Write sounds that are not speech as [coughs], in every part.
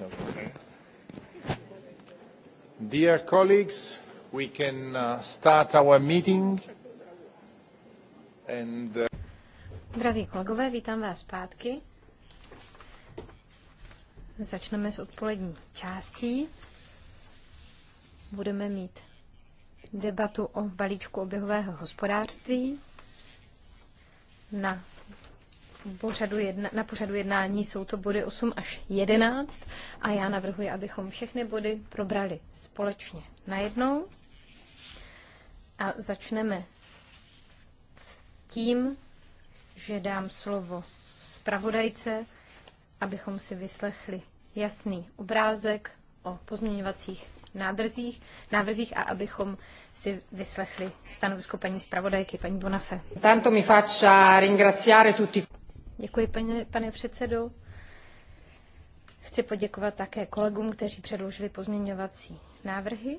myself. Dear colleagues, we can uh, start our meeting. And, uh, Drazí kolegové, vítám vás zpátky. Začneme s odpolední částí. Budeme mít debatu o balíčku oběhového hospodářství na pořadu jedna, na pořadu jednání jsou to body 8 až 11 a já navrhuji, abychom všechny body probrali společně najednou. A začneme tím, že dám slovo zpravodajce, abychom si vyslechli jasný obrázek o pozměňovacích nádrzích, návrzích a abychom si vyslechli stanovisko paní zpravodajky, paní Bonafe. Tanto mi faccia ringraziare tutti. Děkuji, paní, pane Chci poděkovat také kolegům, kteří předložili pozměňovací návrhy.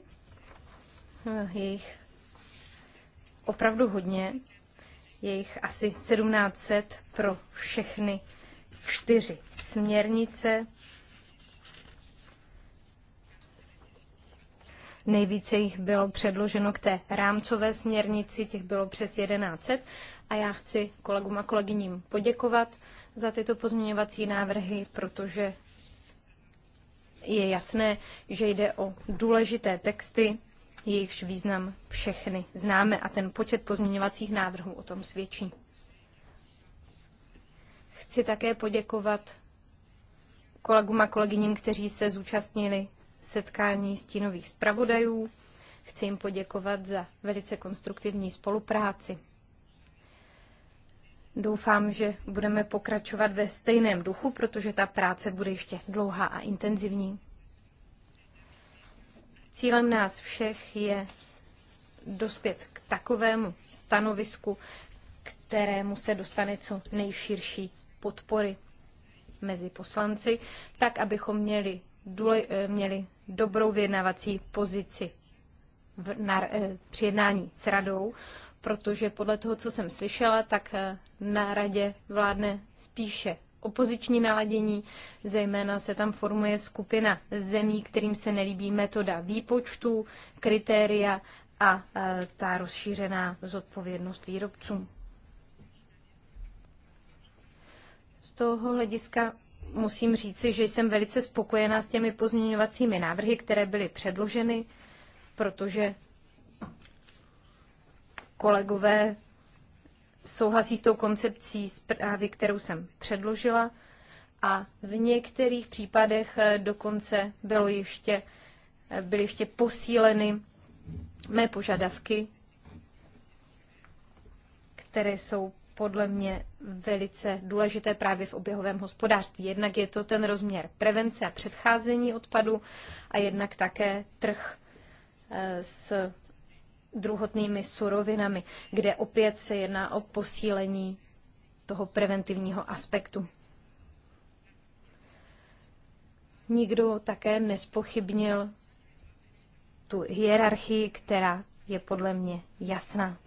Je jich opravdu hodně. Je jich asi 1700 pro všechny čtyři směrnice. Nejvíce jich bylo předloženo k té rámcové směrnici, těch bylo přes 1100 a já chci kolegům a kolegyním poděkovat za tyto pozměňovací návrhy, protože je jasné, že jde o důležité texty, jejichž význam všechny známe a ten počet pozměňovacích návrhů o tom svědčí. Chci také poděkovat kolegům a kolegyním, kteří se zúčastnili setkání stínových zpravodajů. Chci jim poděkovat za velice konstruktivní spolupráci. Doufám, že budeme pokračovat ve stejném duchu, protože ta práce bude ještě dlouhá a intenzivní. Cílem nás všech je dospět k takovému stanovisku, kterému se dostane co nejširší podpory mezi poslanci, tak abychom měli, důle, eh, měli dobrou vyjednávací pozici v, na, eh, při jednání s radou protože podle toho, co jsem slyšela, tak eh, na radě vládne spíše opoziční naladění, zejména se tam formuje skupina zemí, kterým se nelíbí metoda výpočtu, kritéria a eh, ta rozšířená zodpovědnost výrobcům. Z toho hlediska musím říci, že jsem velice spokojená s těmi pozměňovacími návrhy, které byly předloženy, protože kolegové souhlasí s tou koncepcí zprávy, kterou jsem předložila a v některých případech dokonce bylo ještě, byly ještě posíleny mé požadavky, které jsou podle mě velice důležité právě v oběhovém hospodářství. Jednak je to ten rozměr prevence a předcházení odpadu a jednak také trh eh, s druhotnými surovinami, kde opět se jedná o posílení toho preventivního aspektu. Nikdo také nespochybnil tu hierarchii, která je podle mě jasná.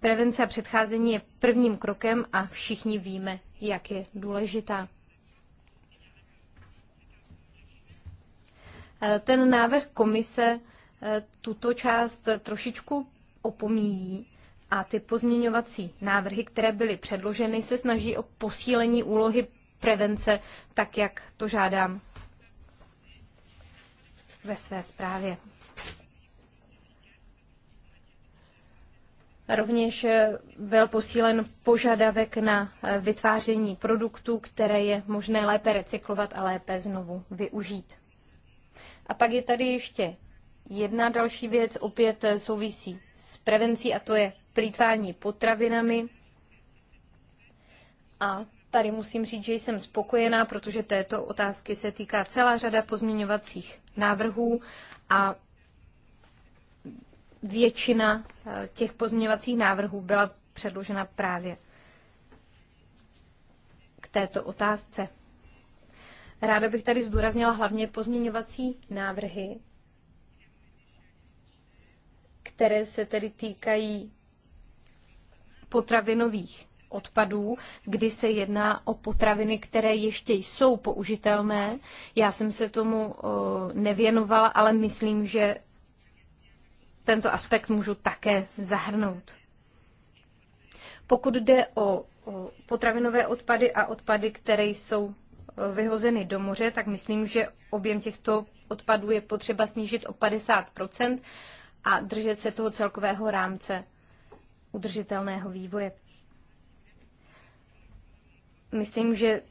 Prevence a předcházení je prvním krokem a všichni víme, jak je důležitá. Eh, ten návrh komise eh, tuto část trošičku opomíjí a ty pozměňovací návrhy, které byly předloženy, se snaží o posílení úlohy prevence, tak jak to žádám ve své zprávě. Rovněž eh, byl posílen požadavek na vytváření produktů, které je možné lépe recyklovat a lépe znovu využít. A pak je tady ještě jedna další věc, opět eh, souvisí s prevencí, a to je plítvání potravinami. A tady musím říct, že jsem spokojená, protože této otázky se týká celá řada pozměňovacích návrhů a většina eh, těch pozměňovacích návrhů byla předložena právě k této otázce. Ráda bych tady zdůraznila hlavně pozměňovací návrhy, které se tedy týkají potravinových odpadů, kdy se jedná o potraviny, které ještě jsou použitelné. Já jsem se tomu nevěnovala, ale myslím, že tento aspekt můžu také zahrnout. Pokud jde o potravinové odpady a odpady, které jsou vyhozeny do moře, tak myslím, že objem těchto odpadů je potřeba snížit o 50 a držet se toho celkového rámce udržitelného vývoje. Myslím, že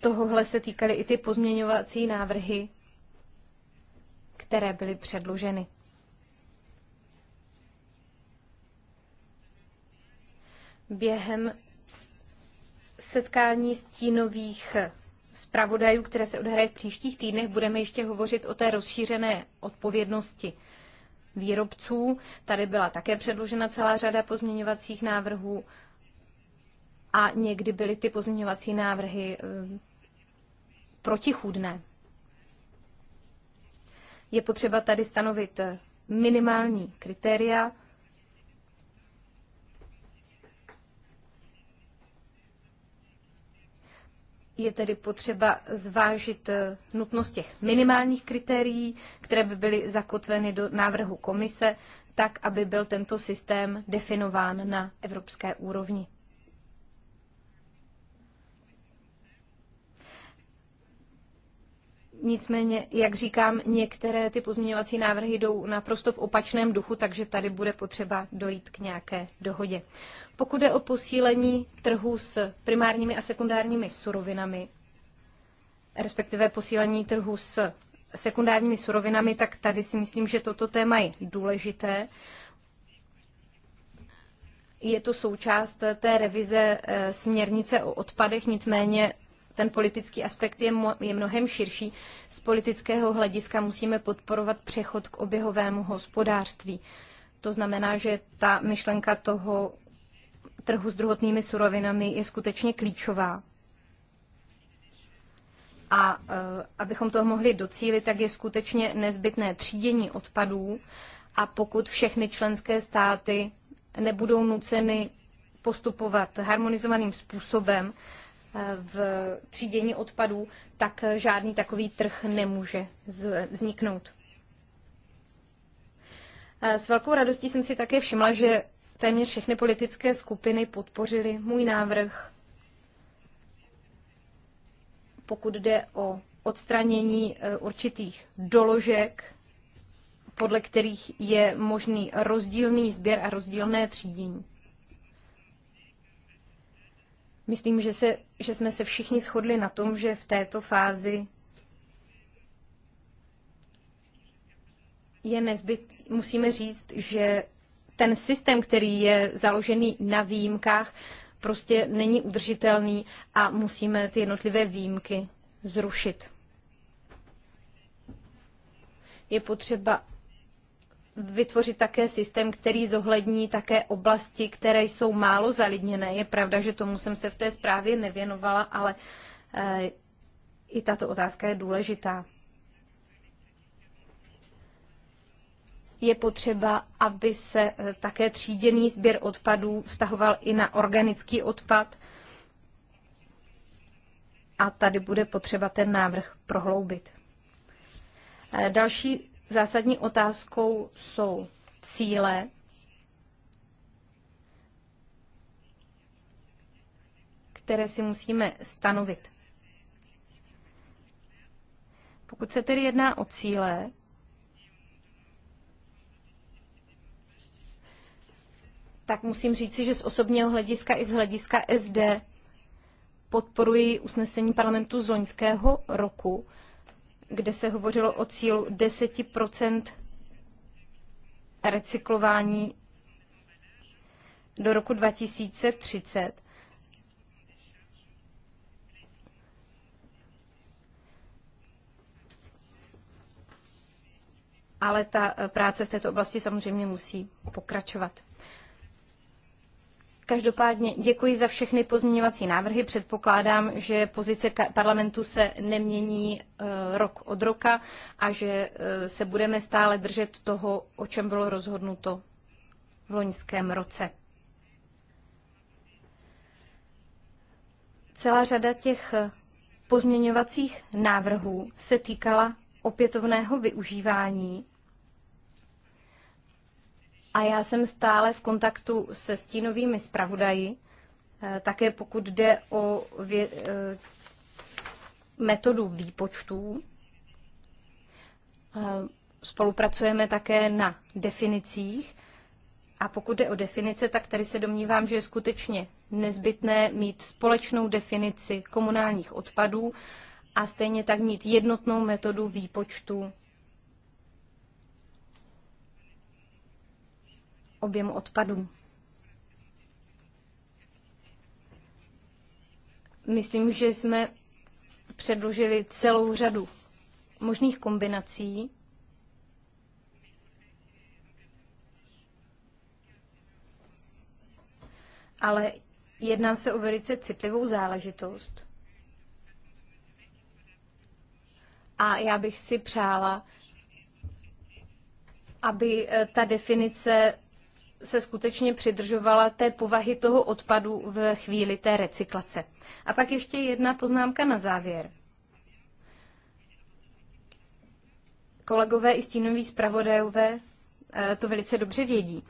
tohohle se týkaly i ty pozměňovací návrhy, které byly předloženy. Během setkání stínových zpravodajů, které se odehraje v příštích týdnech, budeme ještě hovořit o té rozšířené odpovědnosti výrobců. Tady byla také předložena celá řada pozměňovacích návrhů a někdy byly ty pozměňovací návrhy eh, protichůdné. Je potřeba tady stanovit eh, minimální kritéria, Je tedy potřeba zvážit eh, nutnost těch minimálních kritérií, které by byly zakotveny do návrhu komise, tak, aby byl tento systém definován na evropské úrovni. Nicméně, jak říkám, některé ty pozměňovací návrhy jdou naprosto v opačném duchu, takže tady bude potřeba dojít k nějaké dohodě. Pokud je o posílení trhu s primárními a sekundárními surovinami, respektive posílení trhu s sekundárními surovinami, tak tady si myslím, že toto téma je důležité. Je to součást té revize eh, směrnice o odpadech, nicméně ten politický aspekt je, je mnohem širší. Z politického hlediska musíme podporovat přechod k oběhovému hospodářství. To znamená, že ta myšlenka toho trhu s druhotnými surovinami je skutečně klíčová. A e, abychom toho mohli docílit, tak je skutečně nezbytné třídění odpadů a pokud všechny členské státy nebudou nuceny postupovat harmonizovaným způsobem, v třídění odpadů, tak žádný takový trh nemůže vzniknout. S velkou radostí jsem si také všimla, že téměř všechny politické skupiny podpořily můj návrh, pokud jde o odstranění e, určitých doložek, podle kterých je možný rozdílný sběr a rozdílné třídění. Myslím, že, se, že jsme se všichni shodli na tom, že v této fázi je nezbyt, musíme říct, že ten systém, který je založený na výjimkách, prostě není udržitelný a musíme ty jednotlivé výjimky zrušit. Je potřeba vytvořit také systém, který zohlední také oblasti, které jsou málo zalidněné. Je pravda, že tomu jsem se v té zprávě nevěnovala, ale eh, i tato otázka je důležitá. Je potřeba, aby se eh, také tříděný sběr odpadů vztahoval i na organický odpad. A tady bude potřeba ten návrh prohloubit. Eh, další Zásadní otázkou jsou cíle které si musíme stanovit. Pokud se tedy jedná o cíle, tak musím říci, že z osobního hlediska i z hlediska SD podporuji usnesení parlamentu z loňského roku, kde se hovořilo o cílu 10 recyklování do roku 2030. Ale ta eh, práce v této oblasti samozřejmě musí pokračovat. Každopádně děkuji za všechny pozměňovací návrhy. Předpokládám, že pozice parlamentu se nemění eh, rok od roka a že eh, se budeme stále držet toho, o čem bylo rozhodnuto v loňském roce. Celá řada těch eh, pozměňovacích návrhů se týkala opětovného využívání a já jsem stále v kontaktu se stínovými zpravodaji, eh, také pokud jde o vě, eh, metodu výpočtů. Eh, spolupracujeme také na definicích. A pokud jde o definice, tak tady se domnívám, že je skutečně nezbytné mít společnou definici komunálních odpadů a stejně tak mít jednotnou metodu výpočtu objemu odpadů. Myslím, že jsme předložili celou řadu možných kombinací. Ale jedná se o velice citlivou záležitost. A já bych si přála, aby eh, ta definice se skutečně přidržovala té povahy toho odpadu v chvíli té recyklace. A pak ještě jedna poznámka na závěr. Kolegové i stínoví zpravodajové eh, to velice dobře vědí,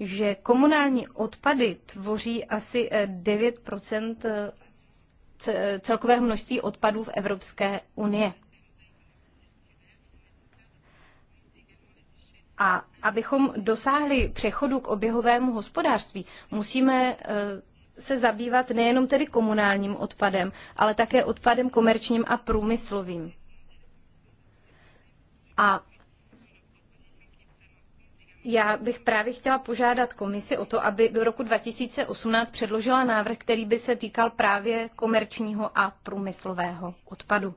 že komunální odpady tvoří asi 9 eh, eh, celkového množství odpadů v Evropské unie. A abychom dosáhli přechodu k oběhovému hospodářství, musíme e, se zabývat nejenom tedy komunálním odpadem, ale také odpadem komerčním a průmyslovým. A já bych právě chtěla požádat komisi o to, aby do roku 2018 předložila návrh, který by se týkal právě komerčního a průmyslového odpadu.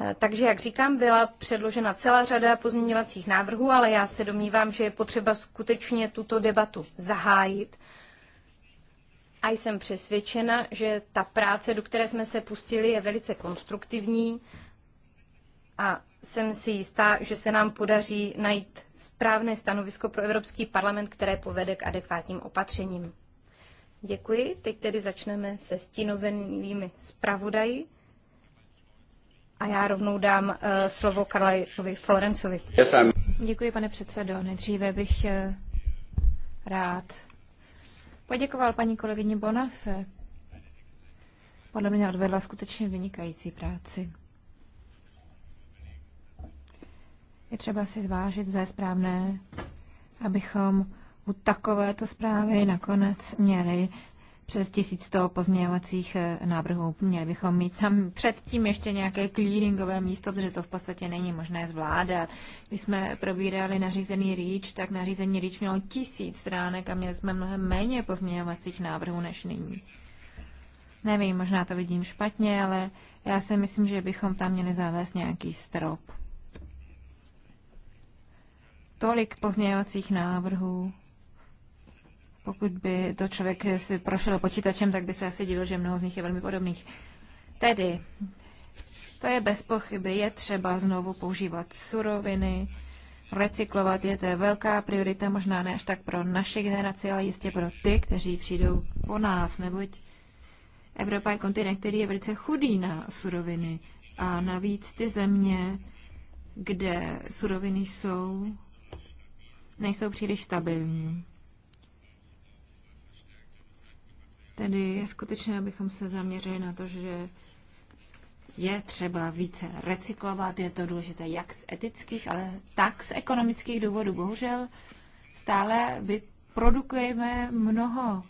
Eh, takže, jak říkám, byla předložena celá řada pozměňovacích návrhů, ale já se domnívám, že je potřeba skutečně tuto debatu zahájit. A jsem přesvědčena, že ta práce, do které jsme se pustili, je velice konstruktivní a jsem si jistá, že se nám podaří najít správné stanovisko pro Evropský parlament, které povede k adekvátním opatřením. Děkuji. Teď tedy začneme se stínovenými zpravodaji. A já rovnou dám eh, slovo Karlajovi Florencovi. Děkuji, pane předsedo. Nejdříve bych eh, rád poděkoval paní kolegyni Bonafe. Podle mě odvedla skutečně vynikající práci. Je třeba si zvážit, zda je správné, abychom u takovéto zprávy nakonec měli přes tisíc toho pozměňovacích eh, návrhů. Měli bychom mít tam předtím ještě nějaké clearingové místo, protože to v podstatě není možné zvládat. Když jsme probírali nařízený REACH, tak nařízení REACH mělo tisíc stránek a měli jsme mnohem méně pozměňovacích návrhů než nyní. Nevím, možná to vidím špatně, ale já si myslím, že bychom tam měli zavést nějaký strop. Tolik pozměňovacích návrhů pokud by to člověk si prošel počítačem, tak by se asi divil, že mnoho z nich je velmi podobných. Tedy, to je bez pochyby, je třeba znovu používat suroviny, recyklovat je, to je velká priorita, možná ne až tak pro naši generaci, ale jistě pro ty, kteří přijdou po nás, neboť Evropa je kontinent, který je velice chudý na suroviny a navíc ty země, kde suroviny jsou, nejsou příliš stabilní. Tedy je skutečné, abychom se zaměřili na to, že je třeba více recyklovat, je to důležité jak z etických, ale tak z ekonomických důvodů. Bohužel stále vyprodukujeme mnoho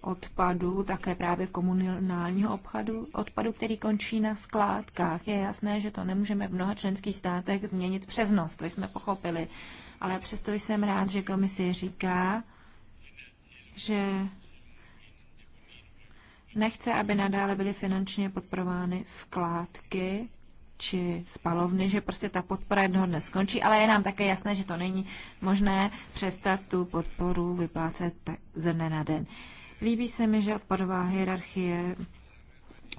odpadu, také právě komunálního obchodu, odpadu, který končí na skládkách. Je jasné, že to nemůžeme v mnoha členských státech změnit přes noc, to jsme pochopili. Ale přesto jsem rád, že komisi říká, že nechce, aby nadále byly finančně podporovány skládky či spalovny, že prostě ta podpora jednoho dne skončí, ale je nám také jasné, že to není možné přestat tu podporu vyplácet ze dne na den. Líbí se mi, že odpadová hierarchie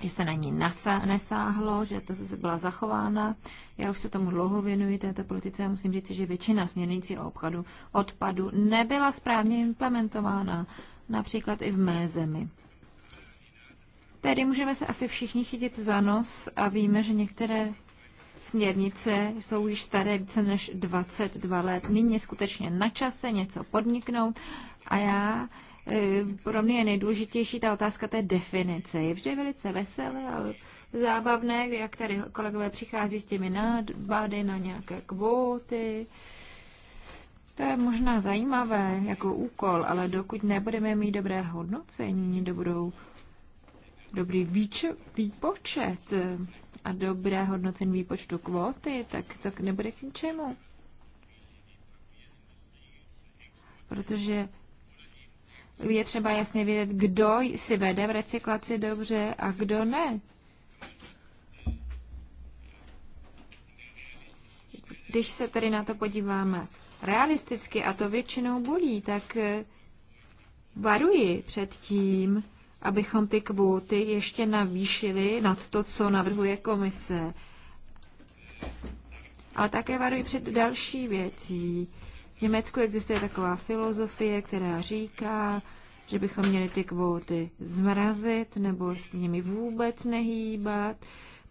že se na ní nasa, nesáhlo, že to se byla zachována. Já už se tomu dlouho věnuji této politice a musím říct, že většina směrnicí o obchodu odpadu nebyla správně implementována, například i v mé zemi. Tady můžeme se asi všichni chytit za nos a víme, že některé směrnice jsou již staré více než 22 let. Nyní je skutečně na čase něco podniknout a já e, pro mě je nejdůležitější ta otázka té definice. Je vždy velice veselé a zábavné, jak tady kolegové přichází s těmi nadbady na nějaké kvóty. To je možná zajímavé jako úkol, ale dokud nebudeme mít dobré hodnocení, budou dobrý výč- výpočet eh, a dobré hodnocení výpočtu kvóty, tak to nebude k ničemu. Protože je třeba jasně vědět, kdo si vede v recyklaci dobře a kdo ne. Když se tedy na to podíváme realisticky, a to většinou bolí, tak eh, varuji před tím, abychom ty kvóty ještě navýšili nad to, co navrhuje komise. Ale také varuji před další věcí. V Německu existuje taková filozofie, která říká, že bychom měli ty kvóty zmrazit nebo s nimi vůbec nehýbat.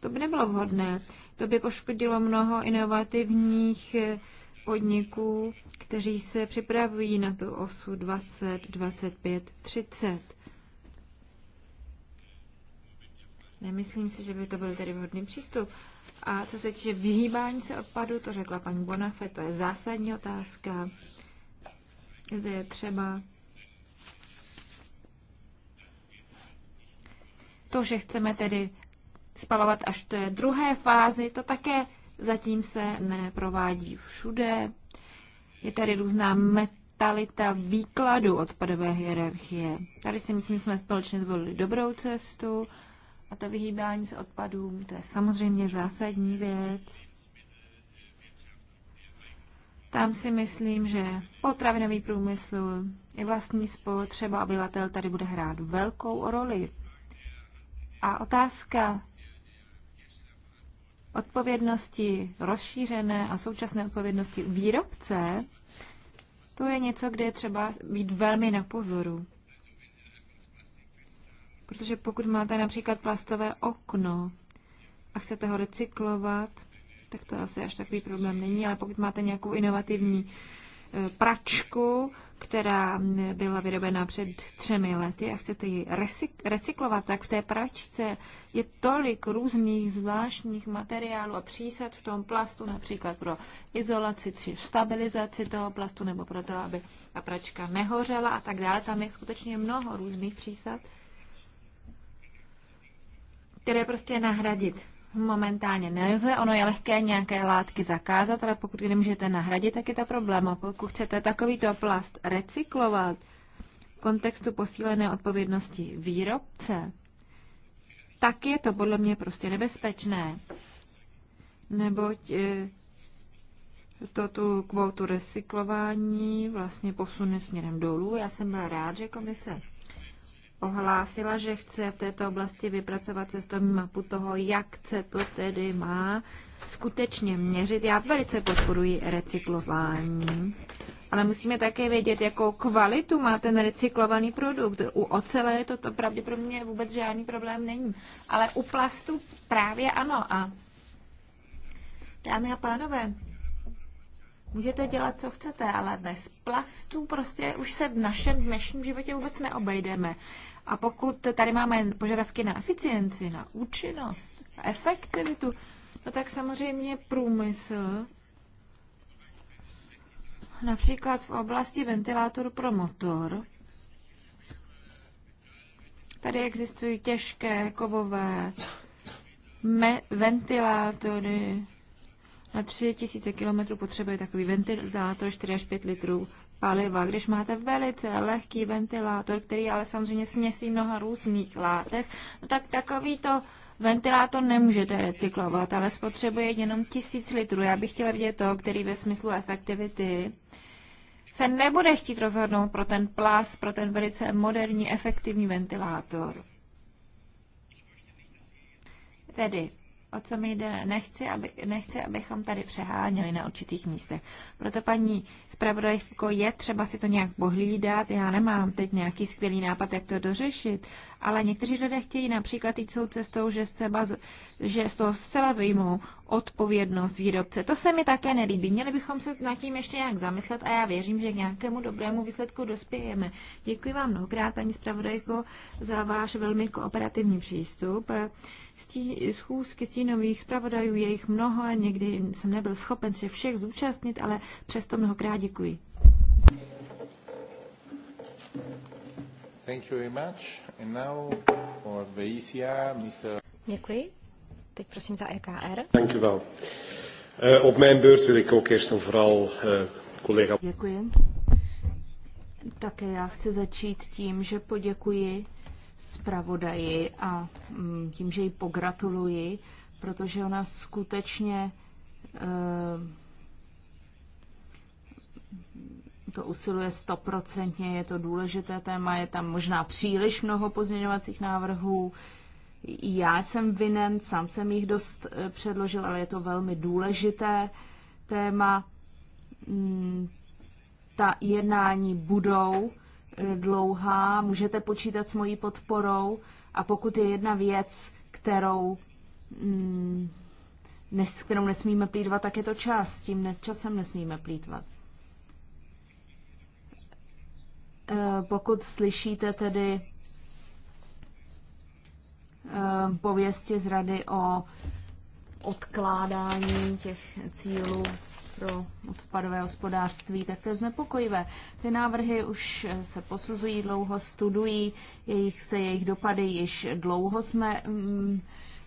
To by nebylo vhodné. To by poškodilo mnoho inovativních podniků, kteří se připravují na tu osu 20, 25, 30. Nemyslím si, že by to byl tedy vhodný přístup. A co se týče vyhýbání se odpadu, to řekla paní Bonafé, to je zásadní otázka. Zde je třeba to, že chceme tedy spalovat až té druhé fázi, to také zatím se neprovádí všude. Je tady různá metalita výkladu odpadové hierarchie. Tady si myslím, že jsme společně zvolili dobrou cestu a to vyhýbání se odpadům, to je samozřejmě zásadní věc. Tam si myslím, že potravinový průmysl i vlastní spotřeba obyvatel tady bude hrát velkou roli. A otázka odpovědnosti rozšířené a současné odpovědnosti výrobce, to je něco, kde je třeba být velmi na pozoru. Protože pokud máte například plastové okno a chcete ho recyklovat, tak to asi až takový problém není, ale pokud máte nějakou inovativní e, pračku, která byla vyrobena před třemi lety a chcete ji recyklovat, tak v té pračce je tolik různých zvláštních materiálů a přísad v tom plastu, například pro izolaci či stabilizaci toho plastu nebo pro to, aby ta pračka nehořela a tak dále. Tam je skutečně mnoho různých přísad které prostě nahradit momentálně nelze. Ono je lehké nějaké látky zakázat, ale pokud nemůžete nahradit, tak je to problém. A pokud chcete takovýto plast recyklovat v kontextu posílené odpovědnosti výrobce, tak je to podle mě prostě nebezpečné. Neboť eh, to tu kvotu recyklování vlastně posune směrem dolů. Já jsem byla rád, že komise ohlásila, že chce v této oblasti vypracovat cestovní mapu toho, jak se to tedy má skutečně měřit. Já velice podporuji recyklování, ale musíme také vědět, jakou kvalitu má ten recyklovaný produkt. U ocele to, to pravděpodobně vůbec žádný problém není, ale u plastu právě ano. A dámy a pánové, můžete dělat, co chcete, ale bez plastů prostě už se v našem dnešním životě vůbec neobejdeme. A pokud tady máme požadavky na eficienci, na účinnost, na efektivitu, no tak samozřejmě průmysl, například v oblasti ventilátoru pro motor, tady existují těžké kovové ventilátory, na 3000 km potřebuje takový ventilátor 4 až 5 litrů paliva. Když máte velice lehký ventilátor, který ale samozřejmě směsí mnoha různých látek, no tak takovýto ventilátor nemůžete recyklovat, ale spotřebuje jenom tisíc litrů. Já bych chtěla vidět to, který ve smyslu efektivity se nebude chtít rozhodnout pro ten plas, pro ten velice moderní, efektivní ventilátor. Tedy o co mi jde. Nechci, aby, nechci, abychom tady přeháněli na určitých místech. Proto paní zpravodajko, je třeba si to nějak pohlídat. Já nemám teď nějaký skvělý nápad, jak to dořešit, ale někteří lidé chtějí například jít svou cestou, že, seba, že z toho zcela vyjmou odpovědnost výrobce. To se mi také nelíbí. Měli bychom se nad tím ještě nějak zamyslet a já věřím, že k nějakému dobrému výsledku dospějeme. Děkuji vám mnohokrát, paní zpravodajko, za váš velmi kooperativní přístup stí, schůzky stínových zpravodajů, je jich mnoho, a někdy jsem nebyl schopen se všech zúčastnit, ale přesto mnohokrát děkuji. Thank you very much. And now for the ECR, Mr. Děkuji. Teď prosím za EKR. Thank you well. Uh, op mijn beurt wil ik ook eerst en vooral uh, collega... Děkuji. Také já chci začít tím, že poděkuji zpravodaji a mm, tím, že ji pogratuluji, protože ona skutečně eh, to usiluje stoprocentně, je to důležité téma, je tam možná příliš mnoho pozměňovacích návrhů. Já jsem vinen, sám jsem jich dost eh, předložil, ale je to velmi důležité téma. Mm, ta jednání budou Eh, dlouhá, můžete počítat s mojí podporou a pokud je jedna věc, kterou, mm, nes, kterou nesmíme plítvat, tak je to čas. Tím ne, časem nesmíme plítvat. E, eh, pokud slyšíte tedy e, pověsti z rady o odkládání těch cílů pro odpadové hospodářství, tak to je znepokojivé. Ty návrhy už se posuzují dlouho, studují jejich, se jejich dopady, již dlouho jsme mm,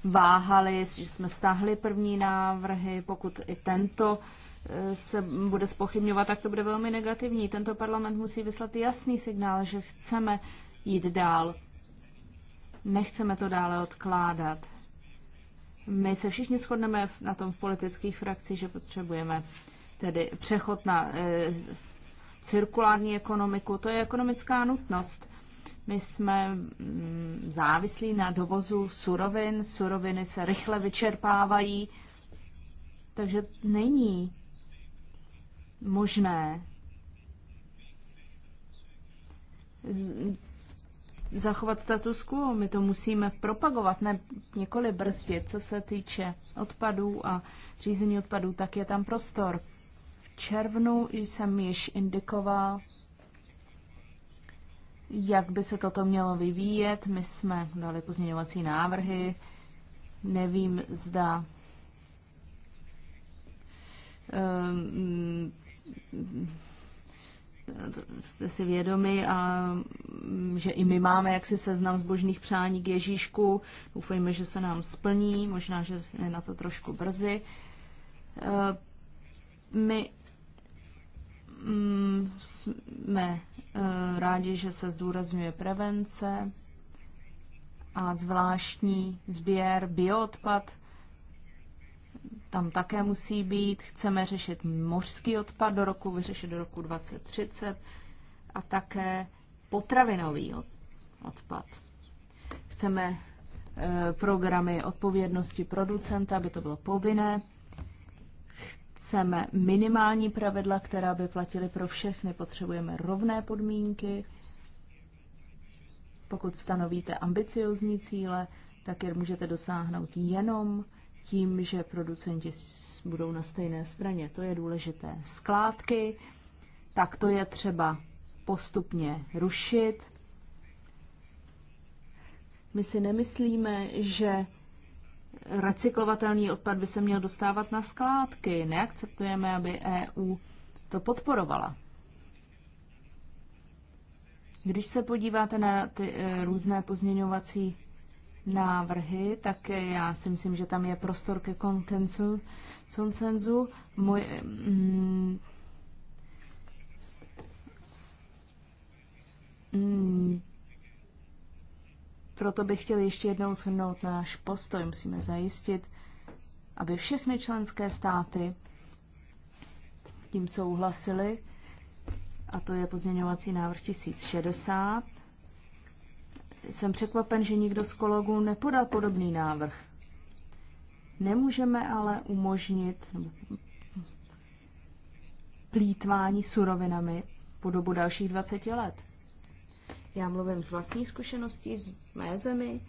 váhali, že jsme stáhli první návrhy, pokud i tento eh, se bude spochybňovat, tak to bude velmi negativní. Tento parlament musí vyslat jasný signál, že chceme jít dál. Nechceme to dále odkládat my se všichni shodneme na tom v politických frakcích, že potřebujeme tedy přechod na e, cirkulární ekonomiku. To je ekonomická nutnost. My jsme mm, závislí na dovozu surovin, suroviny se rychle vyčerpávají, takže není možné zachovat status quo. My to musíme propagovat, ne nikoli brzdit. Co se týče odpadů a řízení odpadů, tak je tam prostor. V červnu jsem již indikoval, jak by se toto mělo vyvíjet. My jsme dali pozměňovací návrhy. Nevím, zda um, jste si vědomi a že i my máme jaksi seznam zbožných přání k Ježíšku. Doufejme, že se nám splní, možná, že je na to trošku brzy. Eh, my mm, jsme eh, rádi, že se zdůrazňuje prevence a zvláštní sběr bioodpad. Tam také musí být. Chceme řešit mořský odpad do roku, vyřešit do roku 2030 a také potravinový odpad. Chceme eh, programy odpovědnosti producenta, aby to bylo povinné. Chceme minimální pravidla, která by platily pro všechny. Potřebujeme rovné podmínky. Pokud stanovíte ambiciozní cíle, tak je můžete dosáhnout jenom tím, že producenti budou na stejné straně. To je důležité. Skládky, tak to je třeba postupně rušit. My si nemyslíme, že recyklovatelný odpad by se měl dostávat na skládky. Neakceptujeme, aby EU to podporovala. Když se podíváte na ty e, různé pozměňovací návrhy, tak já si myslím, že tam je prostor ke konsenzu. Moje, mm, Hmm. Proto bych chtěl ještě jednou shrnout náš postoj. Musíme zajistit, aby všechny členské státy tím souhlasili, a to je pozměňovací návrh 1060. Jsem překvapen, že nikdo z kolegů nepodal podobný návrh. Nemůžeme ale umožnit plítvání surovinami po dobu dalších 20 let. Já mluvím z vlastní zkušeností, z mé zemi,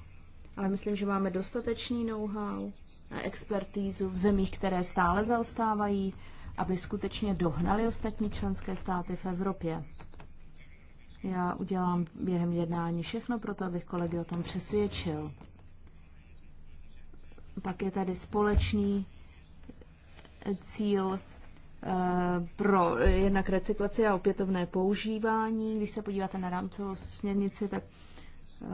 ale myslím, že máme dostatečný know-how a expertízu v zemích, které stále zaostávají, aby skutečně dohnali ostatní členské státy v Evropě. Já udělám během jednání všechno pro to, abych kolegy o tom přesvědčil. Pak je tady společný cíl pro jednak recyklaci a opětovné používání. Když se podíváte na rámcovou směrnici, tak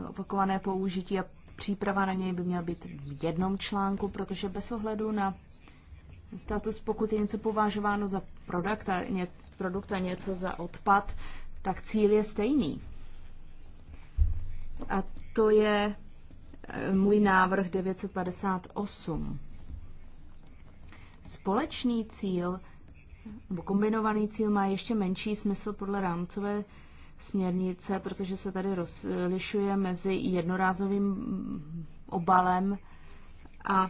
eh, opakované použití a příprava na něj by měla být v jednom článku, protože bez ohledu na status, pokud je něco považováno za produkt a, ně, produkt a něco za odpad, tak cíl je stejný. A to je eh, můj návrh 958. Společný cíl kombinovaný cíl má ještě menší smysl podle rámcové směrnice, protože se tady rozlišuje mezi jednorázovým obalem a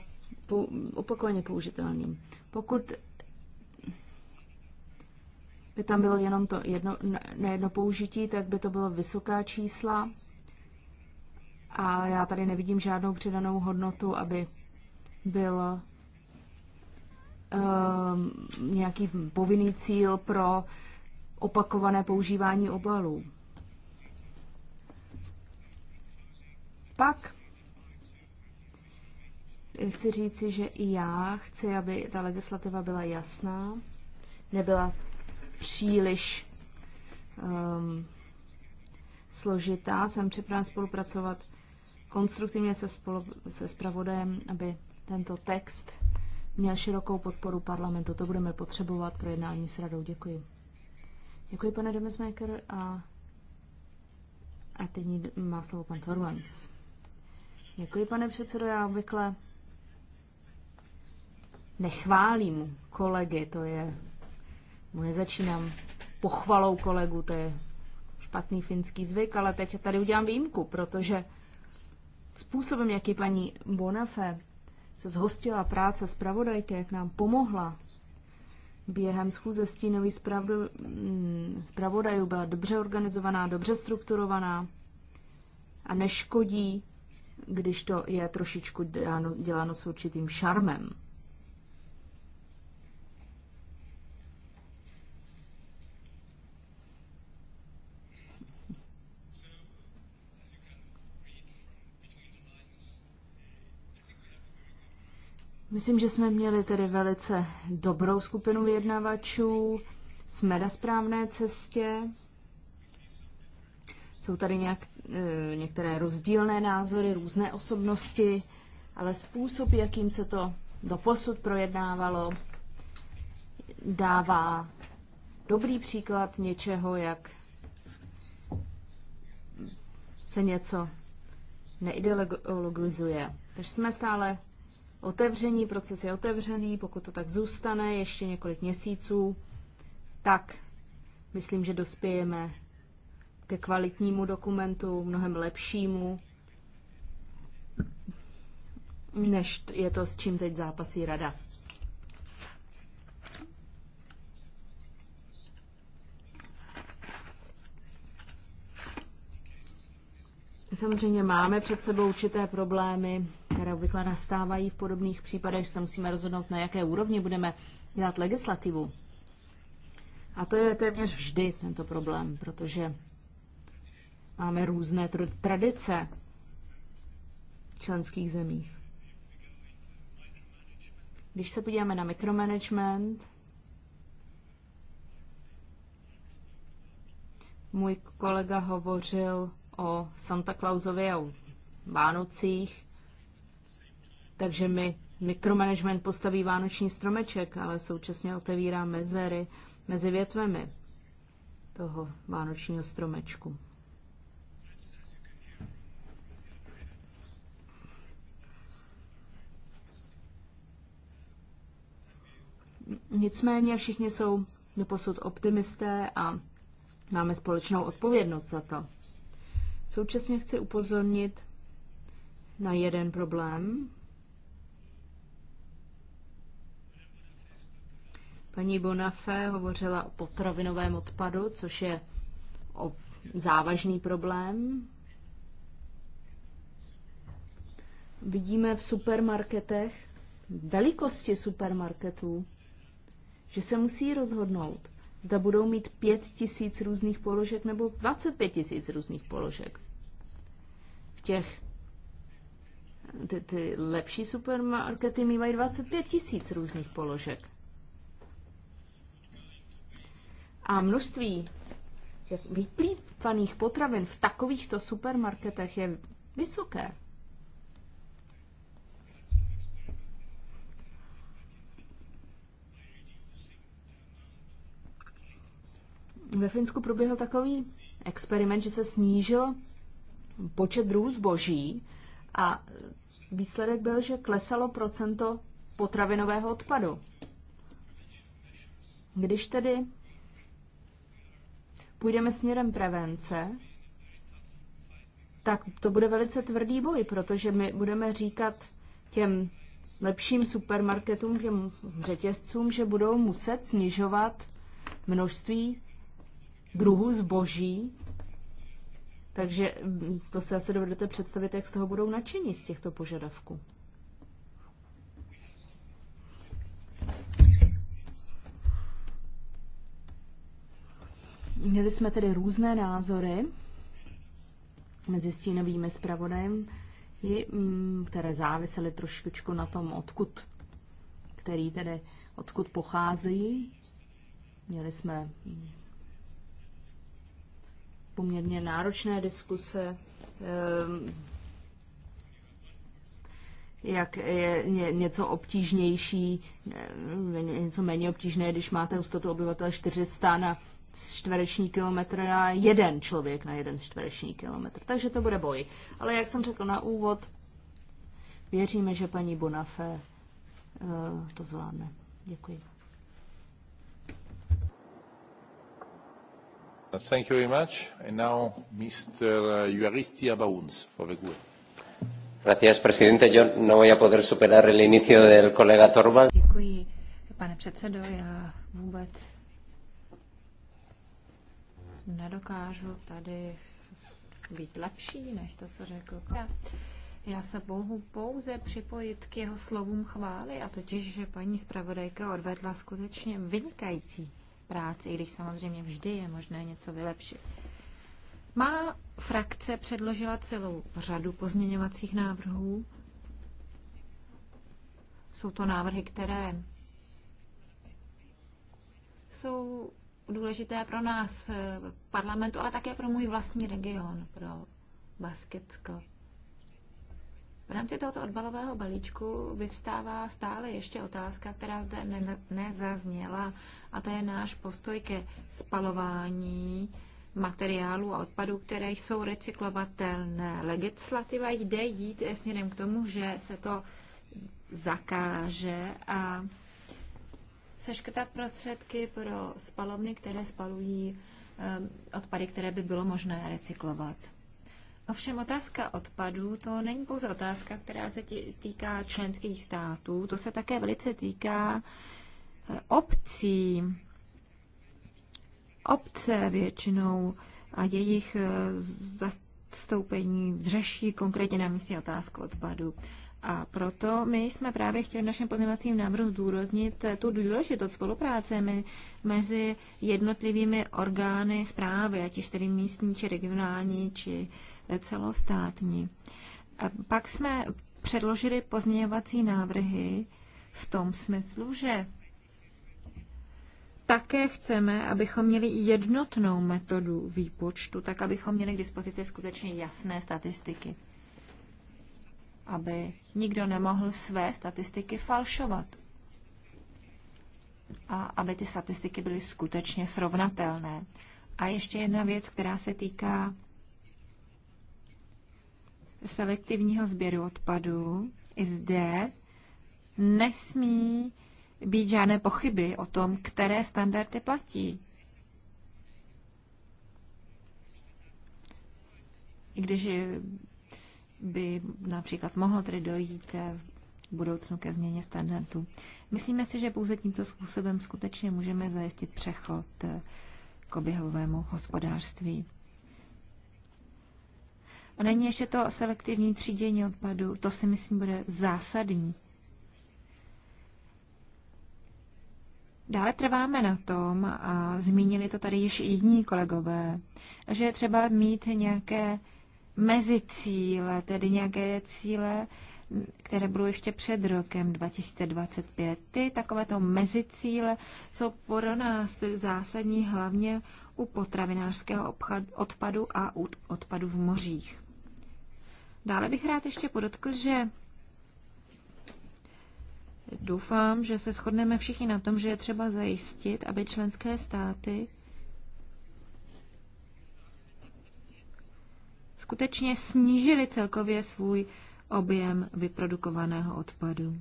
opakovaně použitelným. Pokud by tam bylo jenom to jedno, na jedno použití, tak by to bylo vysoká čísla a já tady nevidím žádnou přidanou hodnotu, aby byl Um, nějaký povinný cíl pro opakované používání obalů. Pak chci říci, že i já chci, aby ta legislativa byla jasná, nebyla příliš um, složitá. Jsem připraven spolupracovat konstruktivně se, spolu, se spravodajem, aby tento text měl širokou podporu parlamentu. To budeme potřebovat pro jednání s radou. Děkuji. Děkuji, pane Demesmaker. A, a teď má slovo pan Torvans. Děkuji, pane předsedo. Já obvykle nechválím kolegy, to je... Mu nezačínám pochvalou kolegu, to je špatný finský zvyk, ale teď tady udělám výjimku, protože způsobem, jaký paní Bonafé se zhostila práce zpravodajky, jak nám pomohla během schůze stínových mm, zpravodajů, byla dobře organizovaná, dobře strukturovaná a neškodí, když to je trošičku děláno, děláno s určitým šarmem. Myslím, že jsme měli tedy velice dobrou skupinu vyjednavačů, jsme na správné cestě. Jsou tady nějak, e, některé rozdílné názory, různé osobnosti, ale způsob, jakým se to doposud projednávalo, dává dobrý příklad něčeho, jak se něco neideologizuje. Takže jsme stále otevření, proces je otevřený, pokud to tak zůstane ještě několik měsíců, tak myslím, že dospějeme ke kvalitnímu dokumentu, mnohem lepšímu, než je to, s čím teď zápasí rada. Samozřejmě máme před sebou určité problémy, které obvykle nastávají v podobných případech, se musíme rozhodnout, na jaké úrovni budeme dělat legislativu. A to je téměř vždy tento problém, protože máme různé tradice v členských zemích. Když se podíváme na mikromanagement, můj kolega hovořil o Santa Clausovi a o Vánocích, takže my mikromanagement postaví vánoční stromeček, ale současně otevírá mezery mezi větvemi toho vánočního stromečku. Nicméně všichni jsou doposud optimisté a máme společnou odpovědnost za to. Současně chci upozornit na jeden problém. Paní Bonafé hovořila o potravinovém odpadu, což je o závažný problém. Vidíme v supermarketech, velikosti supermarketů, že se musí rozhodnout, zda budou mít pět tisíc různých položek nebo 25 tisíc různých položek těch ty, ty lepší supermarkety mývají 25 tisíc různých položek. A množství vyplývaných potravin v takovýchto supermarketech je vysoké. Ve Finsku proběhl takový experiment, že se snížil počet druhů zboží a výsledek byl, že klesalo procento potravinového odpadu. Když tedy půjdeme směrem prevence, tak to bude velice tvrdý boj, protože my budeme říkat těm lepším supermarketům, těm řetězcům, že budou muset snižovat množství druhů zboží, takže mm, to se asi dovedete představit, jak z toho budou nadšení z těchto požadavků. Měli jsme tedy různé názory mezi stínovými zpravodajem, mm, které závisely trošičku na tom, odkud, který tedy, odkud pochází. Měli jsme mm, poměrně náročné diskuse. Eh, jak je něco obtížnější, eh, něco méně obtížné, když máte hustotu obyvatel 400 na čtvereční kilometr na jeden člověk na jeden čtvereční kilometr. Takže to bude boj. Ale jak jsem řekl na úvod, věříme, že paní Bonafé eh, to zvládne. Děkuji. Thank you very much. And now Mr. Juaristi Abauns for the GUE. Gracias, presidente. Yo no voy a poder superar el inicio del kolega Torvald. Děkuji, pane předsedo. Já vůbec nedokážu tady být lepší, než to, co řekl. Já, já se mohu pouze připojit k jeho slovům chvály, a totiž, že paní zpravodajka odvedla skutečně vynikající práci, i když samozřejmě vždy je možné něco vylepšit. Má frakce předložila celou řadu pozměňovacích návrhů. Jsou to návrhy, které jsou důležité pro nás eh, v parlamentu, ale také pro můj vlastní region, pro Basketsko. V rámci tohoto odbalového balíčku vyvstává stále ještě otázka, která zde ne- nezazněla, a to je náš postoj ke spalování materiálů a odpadů, které jsou recyklovatelné. Legislativa jde jít směrem k tomu, že se to zakáže a seškrtat prostředky pro spalovny, které spalují eh, odpady, které by bylo možné recyklovat. Ovšem otázka odpadů to není pouze otázka, která se týká členských států, to se také velice týká eh, obcí. Obce většinou a jejich eh, zastoupení řeší konkrétně na místě otázku odpadu. A proto my jsme právě chtěli v našem pozměňovacím návrhu zdůraznit eh, tu důležitost spolupráce mezi jednotlivými orgány zprávy, ať již tedy místní, či regionální, či uh, celostátní. A pak jsme předložili pozměňovací návrhy v tom smyslu, že také chceme, abychom měli jednotnou metodu výpočtu, tak abychom měli k dispozici skutečně jasné statistiky. Aby nikdo nemohl své statistiky falšovat. A aby ty statistiky byly skutečně srovnatelné. A ještě jedna věc, která se týká selektivního sběru odpadu. i zde nesmí být žádné pochyby o tom, které standardy platí. I když by například mohlo tedy dojít v budoucnu ke změně standardů. Myslíme si, že pouze tímto způsobem skutečně můžeme zajistit přechod k oběhovému hospodářství. A není ještě to selektivní třídění odpadu, to si myslím bude zásadní. Dále trváme na tom, a zmínili to tady již i jiní kolegové, že je třeba mít nějaké mezicíle, tedy nějaké cíle, které budou ještě před rokem 2025. Ty takovéto mezicíle jsou pro nás zásadní hlavně u potravinářského odpadu a u odpadu v mořích. Dále bych rád ještě podotkl, že doufám, že se shodneme všichni na tom, že je třeba zajistit, aby členské státy skutečně snížily celkově svůj objem vyprodukovaného odpadu.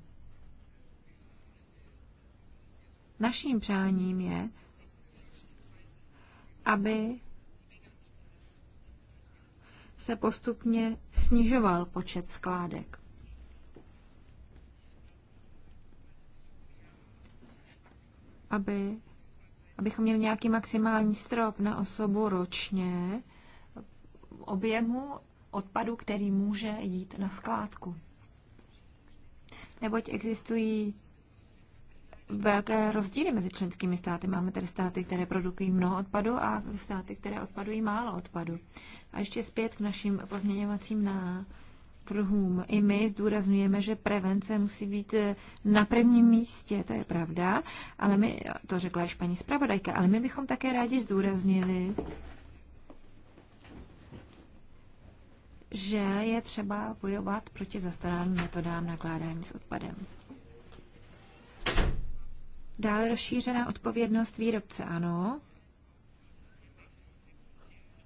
Naším přáním je, aby se postupně snižoval počet skládek. Aby, abychom měli nějaký maximální strop na osobu ročně objemu odpadu, který může jít na skládku. Neboť existují velké rozdíly mezi členskými státy. Máme tady státy, které produkují mnoho odpadu a státy, které odpadují málo odpadu. A ještě zpět k našim pozměňovacím návrhům. I my zdůrazňujeme, že prevence musí být na prvním místě, to je pravda, ale my, to řekla již paní zpravodajka, ale my bychom také rádi zdůraznili, že je třeba bojovat proti zastaralým metodám nakládání s odpadem. Dále rozšířená odpovědnost výrobce, ano.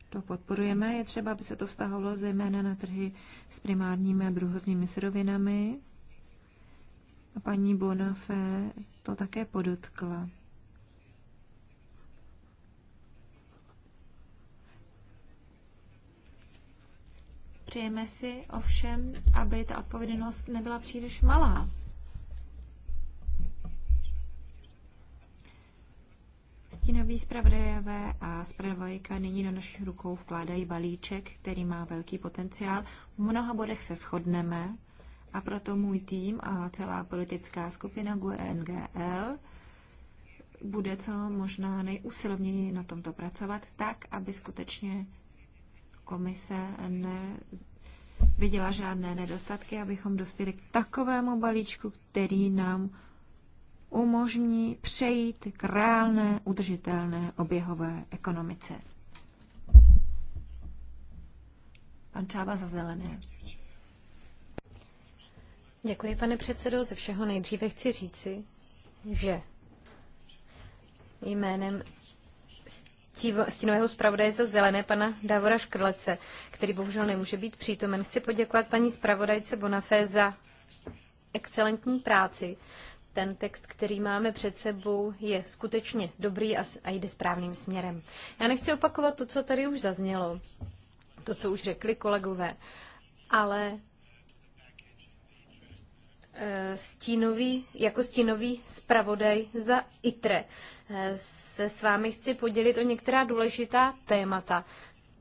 To podporujeme. Je třeba, aby se to vztahovalo zejména na trhy s primárními a druhotnými surovinami. A paní Bonafé to také podotkla. Přejeme si ovšem, aby ta odpovědnost nebyla příliš malá. Stínoví zpravodajové a zpravodajka nyní do našich rukou vkládají balíček, který má velký potenciál. V mnoha bodech se shodneme a proto můj tým a celá politická skupina GUNGL bude co možná nejusilovněji na tomto pracovat, tak, aby skutečně komise ne viděla žádné nedostatky, abychom dospěli k takovému balíčku, který nám umožní přejít k reálné, udržitelné oběhové ekonomice. Pan Čába za zelené. Děkuji, pane předsedo. Ze všeho nejdříve chci říci, že jménem stínového zpravodaje za zelené pana Davora Škrlece, který bohužel nemůže být přítomen. Chci poděkovat paní zpravodajce Bonafé za excelentní práci, ten text, který máme před sebou, je skutečně dobrý a, jde správným směrem. Já nechci opakovat to, co tady už zaznělo, to, co už řekli kolegové, ale eh, stínový, jako stínový zpravodaj za ITRE eh, se s vámi chci podělit o některá důležitá témata,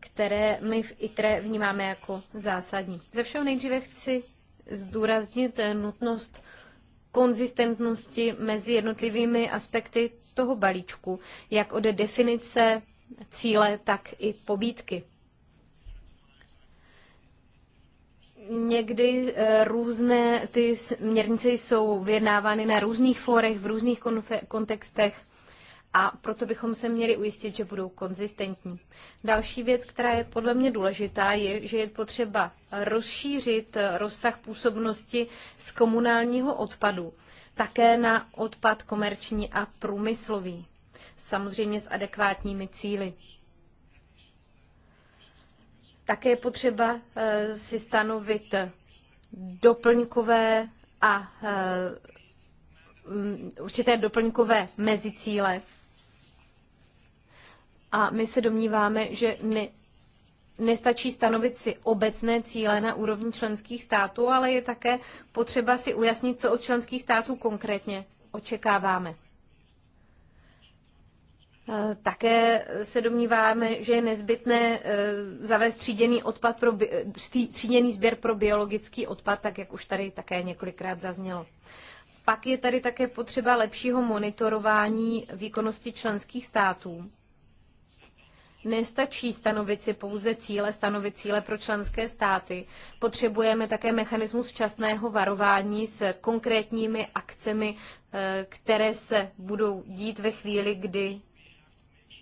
které my v ITRE vnímáme jako zásadní. Ze všeho nejdříve chci zdůraznit eh, nutnost konzistentnosti mezi jednotlivými aspekty toho balíčku, jak ode definice cíle, tak i pobídky. Někdy eh, různé ty směrnice jsou vyjednávány na různých fórech, v různých kontextech a proto bychom se měli ujistit, že budou konzistentní. Další věc, která je podle mě důležitá, je, že je potřeba rozšířit rozsah působnosti z komunálního odpadu také na odpad komerční a průmyslový, samozřejmě s adekvátními cíly. Také je potřeba eh, si stanovit doplňkové a eh, určité doplňkové mezicíle a my se domníváme, že ne, nestačí stanovit si obecné cíle na úrovni členských států, ale je také potřeba si ujasnit, co od členských států konkrétně očekáváme. E, také se domníváme, že je nezbytné e, zavést tříděný, odpad pro, tříděný sběr pro biologický odpad, tak jak už tady také několikrát zaznělo. Pak je tady také potřeba lepšího monitorování výkonnosti členských států Nestačí stanovit si pouze cíle, stanovit cíle pro členské státy. Potřebujeme také mechanismus včasného varování s konkrétními akcemi, eh, které se budou dít ve chvíli, kdy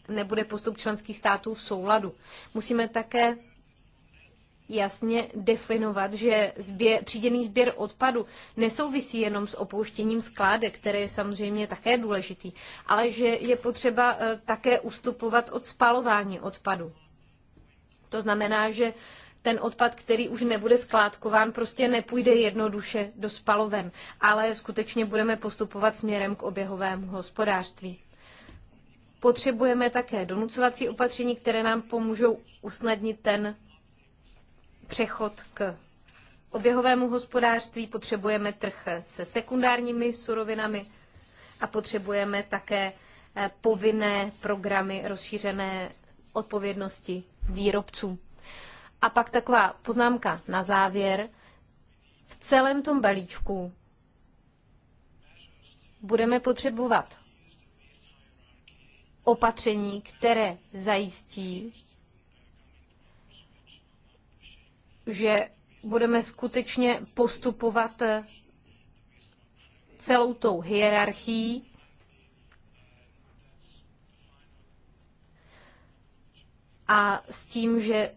nebude postup členských států v souladu. Musíme také jasně definovat, že sběr, tříděný sběr odpadu nesouvisí jenom s opouštěním skládek, které je samozřejmě také důležitý, ale že je potřeba eh, také ustupovat od spalování odpadu. To znamená, že ten odpad, který už nebude skládkován, prostě nepůjde jednoduše do spaloven, ale skutečně budeme postupovat směrem k oběhovému hospodářství. Potřebujeme také donucovací opatření, které nám pomůžou usnadnit ten přechod k oběhovému hospodářství, potřebujeme trh se sekundárními surovinami a potřebujeme také eh, povinné programy rozšířené odpovědnosti výrobců. A pak taková poznámka na závěr. V celém tom balíčku budeme potřebovat opatření, které zajistí, že budeme skutečně postupovat eh, celou tou hierarchií. A s tím, že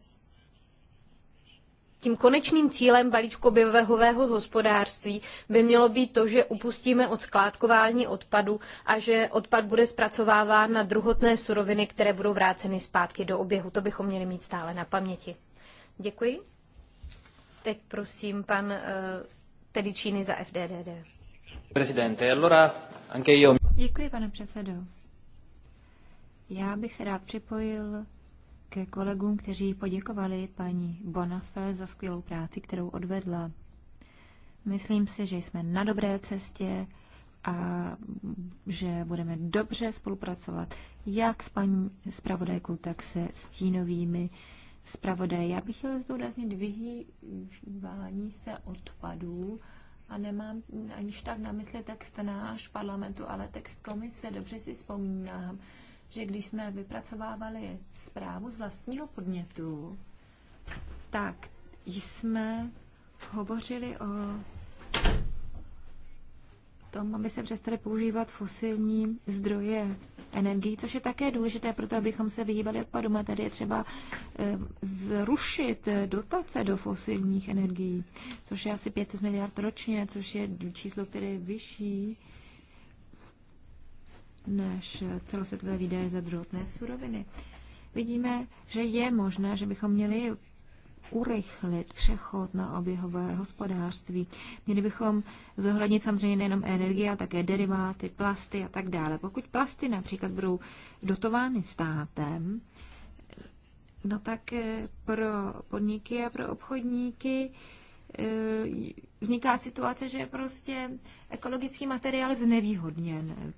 tím konečným cílem balíčku oběhového hospodářství by mělo být to, že upustíme od skládkování odpadu a že odpad bude zpracováván na druhotné suroviny, které budou vráceny zpátky do oběhu. To bychom měli mít stále na paměti. Děkuji teď prosím pan eh, Pedicini za FDDD. Prezidente, allora anche io... Děkuji, pane předsedo. Já bych se rád připojil ke kolegům, kteří poděkovali paní Bonafé za skvělou práci, kterou odvedla. Myslím si, že jsme na dobré cestě a že budeme dobře spolupracovat jak s paní zpravodajkou, tak se stínovými zpravodaje. Já bych chtěla zdůraznit vyhýbání se odpadů a nemám aniž tak na mysli text náš parlamentu, ale text komise. Dobře si vzpomínám, že když jsme vypracovávali zprávu z vlastního podnětu, tak jsme hovořili o tom, aby se přestali používat fosilní zdroje energii, což je také důležité pro to, abychom se vyhýbali odpadům. A tady je třeba eh, zrušit eh, dotace do fosilních energií, což je asi 500 miliard ročně, což je číslo, které je vyšší než celosvětové výdaje za druhotné suroviny. Vidíme, že je možné, že bychom měli urychlit přechod na oběhové hospodářství. Měli bychom zohlednit samozřejmě nejenom energie, ale také deriváty, plasty a tak dále. Pokud plasty například budou dotovány státem, no tak eh, pro podniky a pro obchodníky eh, vzniká situace, že je prostě ekologický materiál znevýhodněn.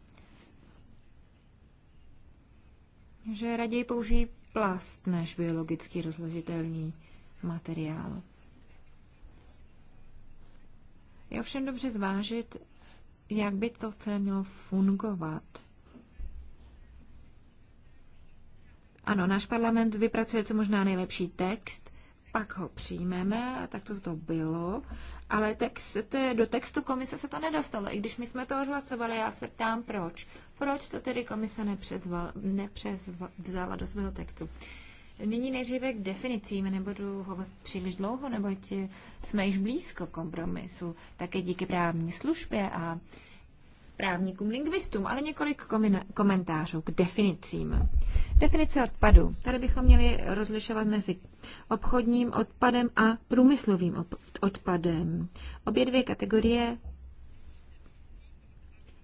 Že raději použijí plast než biologicky rozložitelný materiál. Je ovšem dobře zvážit, jak by to celé mělo fungovat. Ano, náš parlament vypracuje co možná nejlepší text, pak ho přijmeme, tak to, to bylo, ale text, do textu komise se to nedostalo. I když my jsme to odhlasovali, já se ptám, proč. Proč to tedy komise nepřezval, nepřezvzala do svého textu? Nyní nejdříve k definicím, nebudu hovořit příliš dlouho, neboť jsme již blízko kompromisu, také díky právní službě a právníkům, lingvistům, ale několik komentářů k definicím. Definice odpadu. Tady bychom měli rozlišovat mezi obchodním odpadem a průmyslovým odpadem. Obě dvě kategorie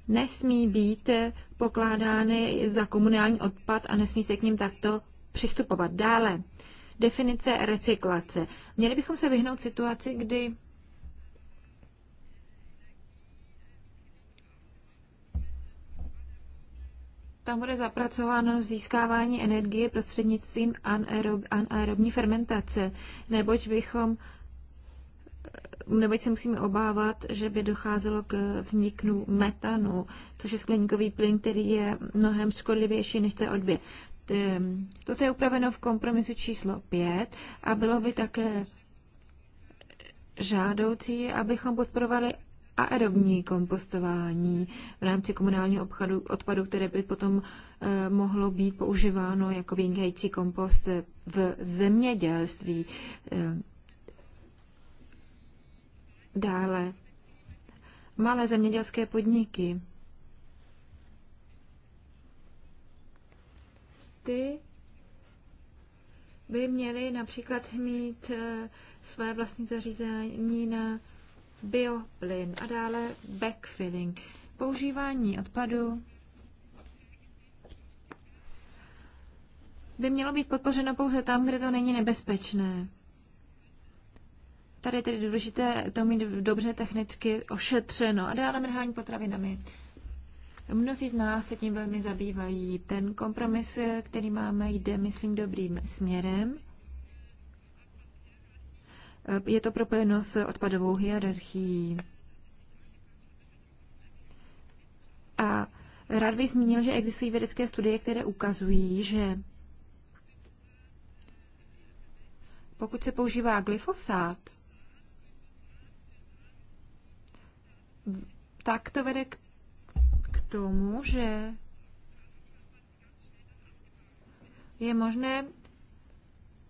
nesmí být pokládány za komunální odpad a nesmí se k ním takto přistupovat. Dále, definice recyklace. Měli bychom se vyhnout situaci, kdy tam bude zapracováno získávání energie prostřednictvím anaerob, anaerobní fermentace, neboť bychom neboť se musíme obávat, že by docházelo k vzniku metanu, což je skleníkový plyn, který je mnohem škodlivější než CO2. Ehm, toto je upraveno v kompromisu číslo 5 a bylo by také žádoucí, abychom podporovali aerobní kompostování v rámci komunálního obchodu, odpadu, které by potom e, mohlo být používáno jako vynikající kompost v zemědělství. E, dále malé zemědělské podniky. ty by měly například mít eh, své vlastní zařízení na bioplyn a dále backfilling. Používání odpadu by mělo být podpořeno pouze tam, kde to není nebezpečné. Tady je tedy důležité to mít dobře technicky ošetřeno a dále mrhání potravinami. Mnozí z nás se tím velmi zabývají. Ten kompromis, který máme, jde, myslím, dobrým směrem. Je to propojeno s odpadovou hierarchií. A rád bych zmínil, že existují vědecké studie, které ukazují, že pokud se používá glyfosát, tak to vede k tomu, že je možné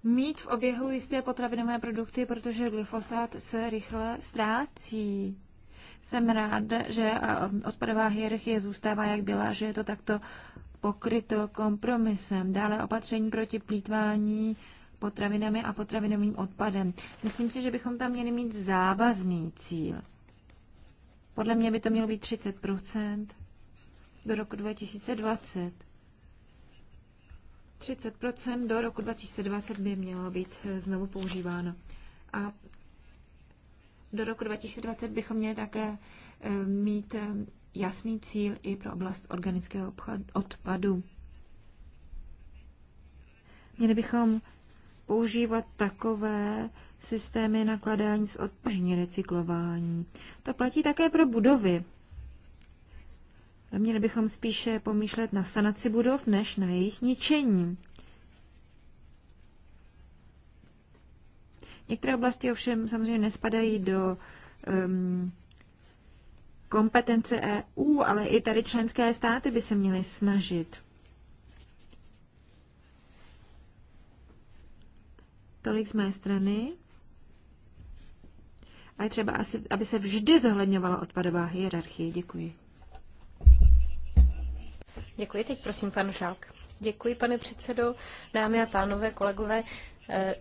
mít v oběhu jisté potravinové produkty, protože glyfosát se rychle ztrácí. Jsem rád, že odpadová hierarchie zůstává, jak byla, že je to takto pokryto kompromisem. Dále opatření proti plítvání potravinami a potravinovým odpadem. Myslím si, že bychom tam měli mít závazný cíl. Podle mě by to mělo být 30 do roku 2020. 30 do roku 2020 by mělo být eh, znovu používáno. A do roku 2020 bychom měli také eh, mít eh, jasný cíl i pro oblast organického odpadu. Měli bychom používat takové systémy nakladání s odpadní recyklování. To platí také pro budovy. Měli bychom spíše pomýšlet na sanaci budov, než na jejich ničení. Některé oblasti ovšem samozřejmě nespadají do um, kompetence EU, ale i tady členské státy by se měly snažit. Tolik z mé strany. A je třeba, asi, aby se vždy zohledňovala odpadová hierarchie. Děkuji. Děkuji. Teď prosím pan Žalk. Děkuji, pane předsedo, dámy a pánové, kolegové. Eh,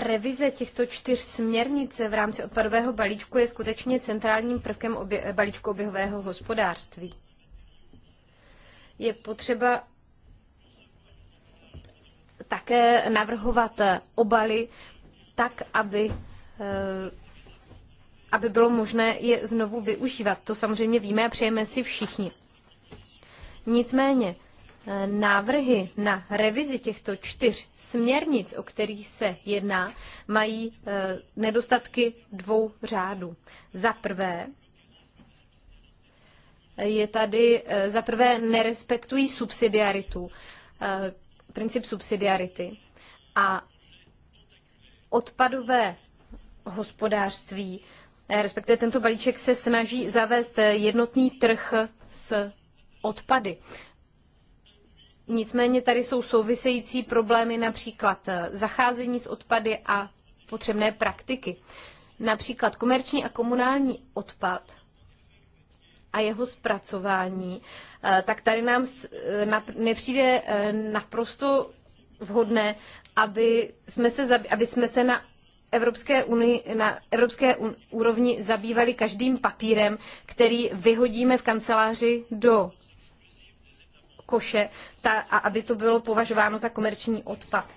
revize těchto čtyř směrnic v rámci odpadového balíčku je skutečně centrálním prvkem obě, eh, balíčku oběhového hospodářství. Je potřeba také navrhovat eh, obaly tak, aby, aby bylo možné je znovu využívat. To samozřejmě víme a přejeme si všichni. Nicméně eh, návrhy na revizi těchto čtyř směrnic, o kterých se jedná, mají eh, nedostatky dvou řádů. Za prvé, je tady, eh, za prvé nerespektují subsidiaritu, princip subsidiarity. A odpadové hospodářství, respektive tento balíček se snaží zavést jednotný trh s odpady. Nicméně tady jsou související problémy například eh, zacházení s odpady a potřebné praktiky. Například komerční a komunální odpad a jeho zpracování, eh, tak tady nám eh, nepřijde naprosto vhodné, aby jsme se, aby jsme se na Evropské unii, na evropské úrovni zabývali každým papírem, který vyhodíme v kanceláři do koše ta, a aby to bylo považováno za komerční odpad.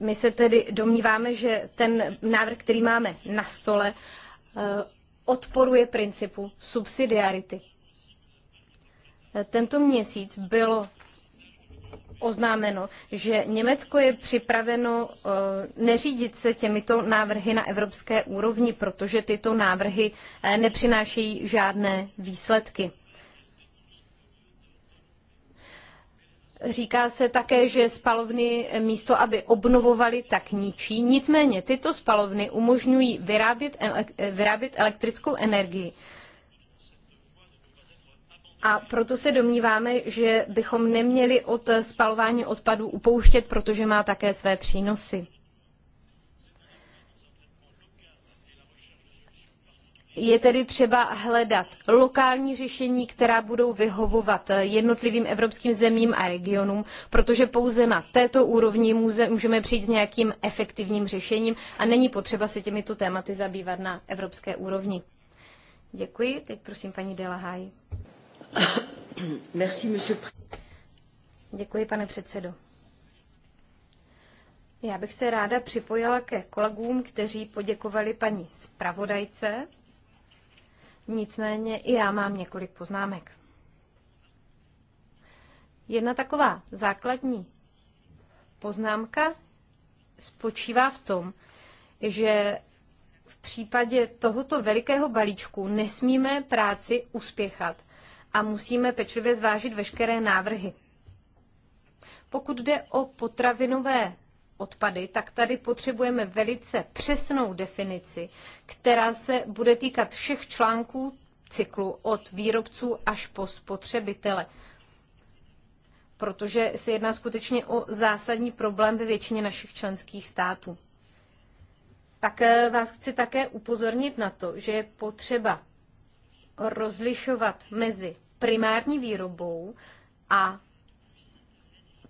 My se tedy domníváme, že ten návrh, který máme na stole, eh, odporuje principu subsidiarity. Tento měsíc bylo oznámeno, že Německo je připraveno eh, neřídit se těmito návrhy na evropské úrovni, protože tyto návrhy eh, nepřinášejí žádné výsledky. Říká se také, že spalovny eh, místo, aby obnovovaly, tak ničí. Nicméně tyto spalovny umožňují vyrábět, vyrábět elektrickou energii a proto se domníváme, že bychom neměli od spalování odpadů upouštět, protože má také své přínosy. Je tedy třeba hledat lokální řešení, která budou vyhovovat jednotlivým evropským zemím a regionům, protože pouze na této úrovni můžeme přijít s nějakým efektivním řešením a není potřeba se těmito tématy zabývat na evropské úrovni. Děkuji. Teď prosím paní Delahaj. [coughs] Děkuji, pane předsedo. Já bych se ráda připojila ke kolegům, kteří poděkovali paní zpravodajce. Nicméně i já mám několik poznámek. Jedna taková základní poznámka spočívá v tom, že v případě tohoto velikého balíčku nesmíme práci uspěchat a musíme pečlivě zvážit veškeré návrhy. Pokud jde o potravinové odpady, tak tady potřebujeme velice přesnou definici, která se bude týkat všech článků cyklu od výrobců až po spotřebitele. Protože se jedná skutečně o zásadní problém ve většině našich členských států. Tak eh, vás chci také upozornit na to, že je potřeba rozlišovat mezi primární výrobou a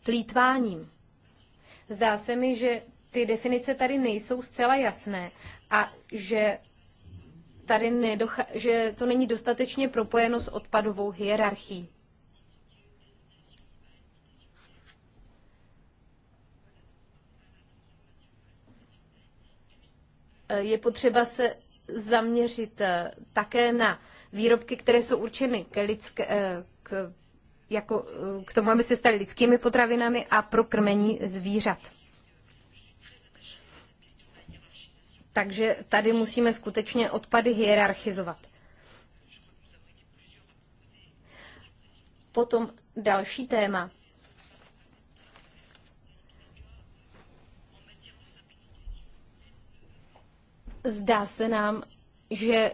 plítváním. Zdá se mi, že ty definice tady nejsou zcela jasné a že tady nedocha- že to není dostatečně propojeno s odpadovou hierarchií. Je potřeba se zaměřit eh, také na výrobky, které jsou určeny k, lidské, eh, k, jako, eh, k tomu, aby se staly lidskými potravinami a pro krmení zvířat. Takže tady musíme skutečně odpady hierarchizovat. Potom další téma. Zdá se nám, že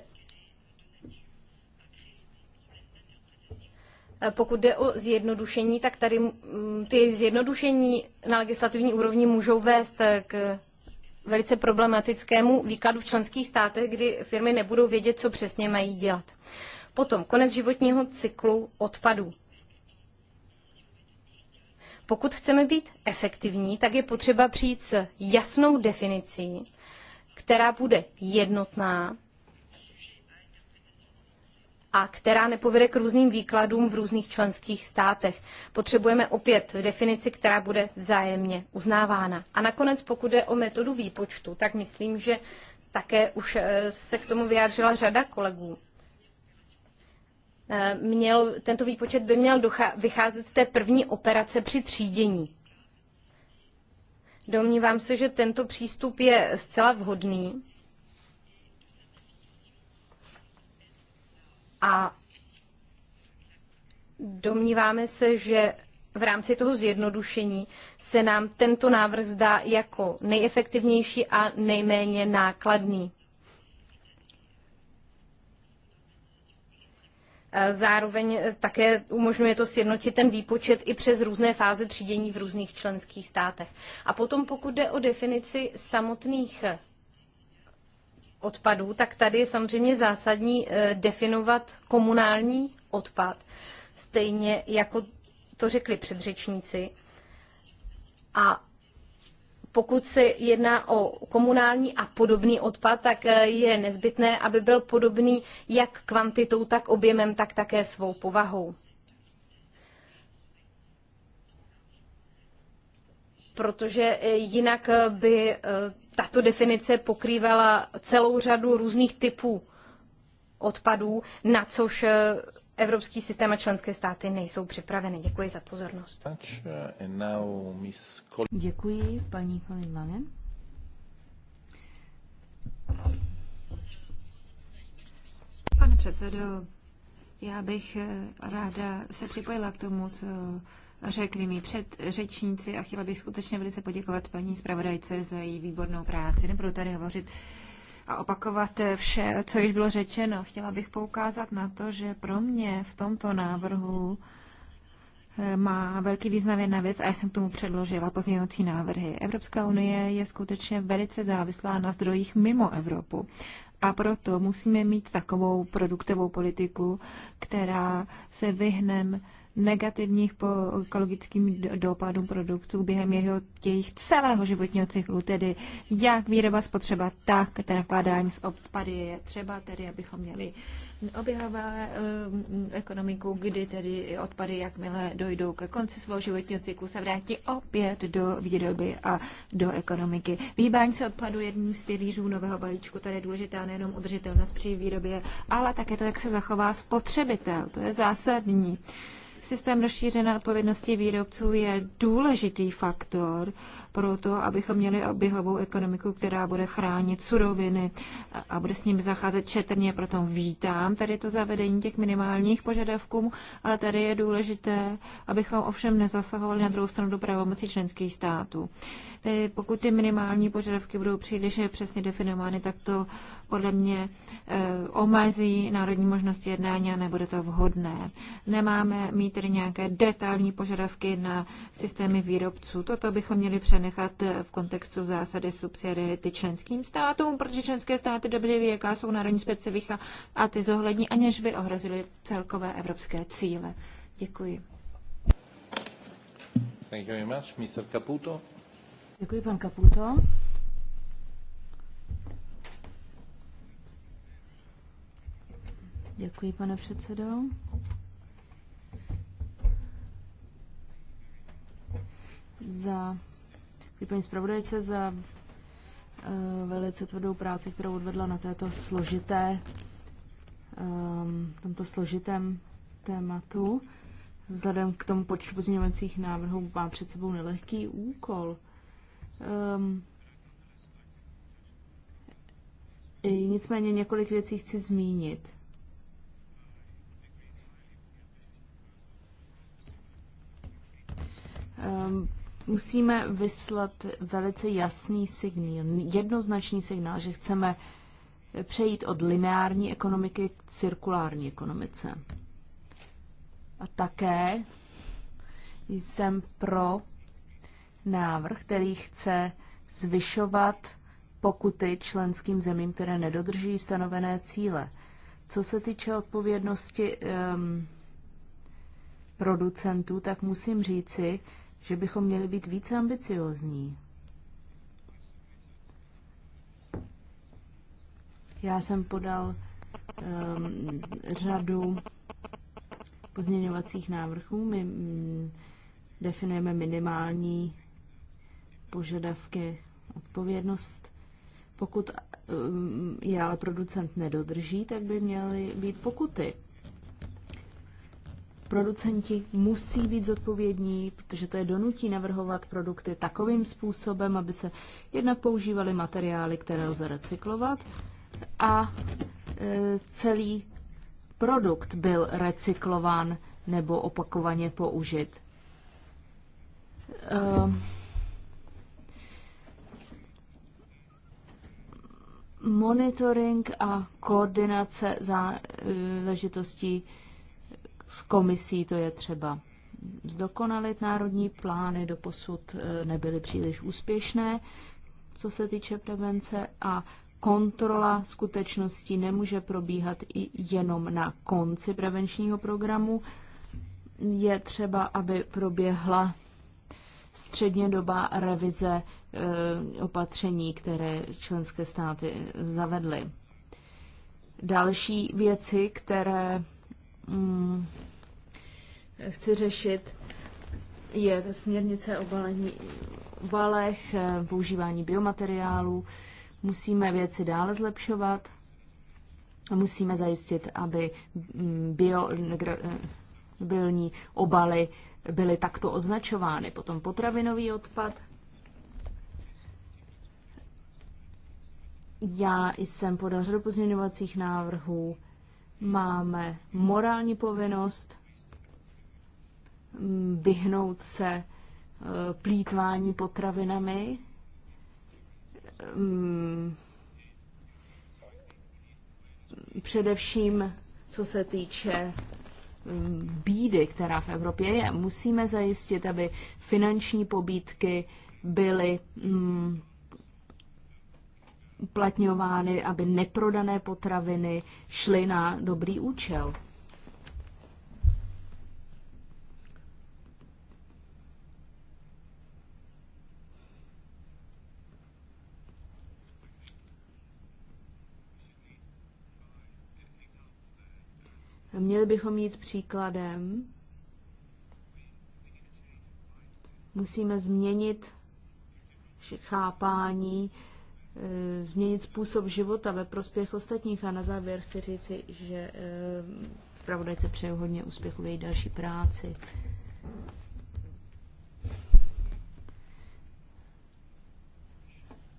Eh, pokud jde o zjednodušení, tak tady mm, ty zjednodušení na legislativní úrovni můžou vést k velice problematickému výkladu v členských státech, kdy firmy nebudou vědět, co přesně mají dělat. Potom konec životního cyklu odpadů. Pokud chceme být efektivní, tak je potřeba přijít s jasnou definicí, která bude jednotná a která nepovede k různým výkladům v různých členských státech. Potřebujeme opět definici, která bude vzájemně uznávána. A nakonec, pokud je o metodu výpočtu, tak myslím, že také už eh, se k tomu vyjádřila řada kolegů. Eh, měl, tento výpočet by měl docha, vycházet z té první operace při třídění. Domnívám se, že tento přístup je zcela vhodný A domníváme se, že v rámci toho zjednodušení se nám tento návrh zdá jako nejefektivnější a nejméně nákladný. Zároveň také umožňuje to sjednotit ten výpočet i přes různé fáze třídění v různých členských státech. A potom pokud jde o definici samotných odpadů, tak tady je samozřejmě zásadní eh, definovat komunální odpad, stejně jako to řekli předřečníci. A pokud se jedná o komunální a podobný odpad, tak eh, je nezbytné, aby byl podobný jak kvantitou, tak objemem, tak také svou povahou. Protože eh, jinak by tato definice pokrývala celou řadu různých typů odpadů, na což eh, evropský systém a členské státy nejsou připraveny. Děkuji za pozornost. Eh, Děkuji, paní Colin Pane předsedo, já bych eh, ráda se připojila k tomu, co řekli mi před řečníci a chtěla bych skutečně velice poděkovat paní zpravodajce za její výbornou práci. Nebudu tady hovořit a opakovat vše, co již bylo řečeno. Chtěla bych poukázat na to, že pro mě v tomto návrhu eh, má velký význam jedna věc a já jsem k tomu předložila pozměňovací návrhy. Evropská unie je skutečně velice závislá na zdrojích mimo Evropu. A proto musíme mít takovou produktovou politiku, která se vyhneme negativních po ekologickým dopadům produktů během jeho, jejich celého životního cyklu, tedy jak výroba, spotřeba, tak teda nakládání s odpady je třeba, tedy abychom měli oběhavé e, eh, ekonomiku, kdy tedy odpady, jakmile dojdou ke konci svého životního cyklu, se vrátí opět do výroby a do ekonomiky. Výbání se odpadu jedním z pilířů nového balíčku, tady je důležitá nejenom udržitelnost při výrobě, ale také to, jak se zachová spotřebitel. To je zásadní. Systém rozšířené odpovědnosti výrobců je důležitý faktor pro to, abychom měli oběhovou ekonomiku, která bude chránit suroviny a bude s nimi zacházet četrně. Proto vítám tady to zavedení těch minimálních požadavků, ale tady je důležité, abychom ovšem nezasahovali na druhou stranu do pravomocí členských států. Pokud ty minimální požadavky budou příliš přesně definovány, tak to podle mě eh, omezí národní možnosti jednání a nebude to vhodné. Nemáme mít tedy nějaké detailní požadavky na systémy výrobců. Toto bychom měli přenést nechat v kontextu zásady subsidiarity členským státům, protože členské státy dobře ví, jaká jsou národní specifika a ty zohlední, aniž by ohrozily celkové evropské cíle. Děkuji. Thank you very much. Mr. Caputo. Děkuji, pan Caputo. Děkuji, pane předsedo. Za Děkuji paní zpravodajce za eh, velice tvrdou práci, kterou odvedla na této složité, ehm, tomto složitém tématu. Vzhledem k tomu počtu pozměňovacích návrhů má před sebou nelehký úkol. Um, nicméně několik věcí chci zmínit. Um, Musíme vyslat velice jasný signál, jednoznačný signál, že chceme přejít od lineární ekonomiky k cirkulární ekonomice. A také jsem pro návrh, který chce zvyšovat pokuty členským zemím, které nedodrží stanovené cíle. Co se týče odpovědnosti um, producentů, tak musím říci, že bychom měli být více ambiciozní. Já jsem podal um, řadu pozměňovacích návrhů. My mm, definujeme minimální požadavky, odpovědnost. Pokud um, je ale producent nedodrží, tak by měly být pokuty. Producenti musí být zodpovědní, protože to je donutí navrhovat produkty takovým způsobem, aby se jednak používaly materiály, které lze recyklovat a e, celý produkt byl recyklován nebo opakovaně použit. E, monitoring a koordinace záležitostí s komisí to je třeba zdokonalit. Národní plány do posud eh, nebyly příliš úspěšné, co se týče prevence a kontrola skutečností nemůže probíhat i jenom na konci prevenčního programu. Je třeba, aby proběhla střednědobá revize eh, opatření, které členské státy zavedly. Další věci, které mm, chci řešit, je ta směrnice o balení, balech, eh, používání biomateriálů. Musíme věci dále zlepšovat a musíme zajistit, aby mm, bio, eh, bylní obaly byly takto označovány. Potom potravinový odpad. Já jsem podařil pozměňovacích návrhů máme morální povinnost mm, vyhnout se e, plítvání potravinami, mm, především co se týče mm, bídy, která v Evropě je. Musíme zajistit, aby finanční pobídky byly uplatňovány, aby neprodané potraviny šly na dobrý účel. Měli bychom jít příkladem. Musíme změnit chápání Eh, změnit způsob života ve prospěch ostatních. A na závěr chci říci, že eh, pravodajce přeju hodně úspěchu v její další práci.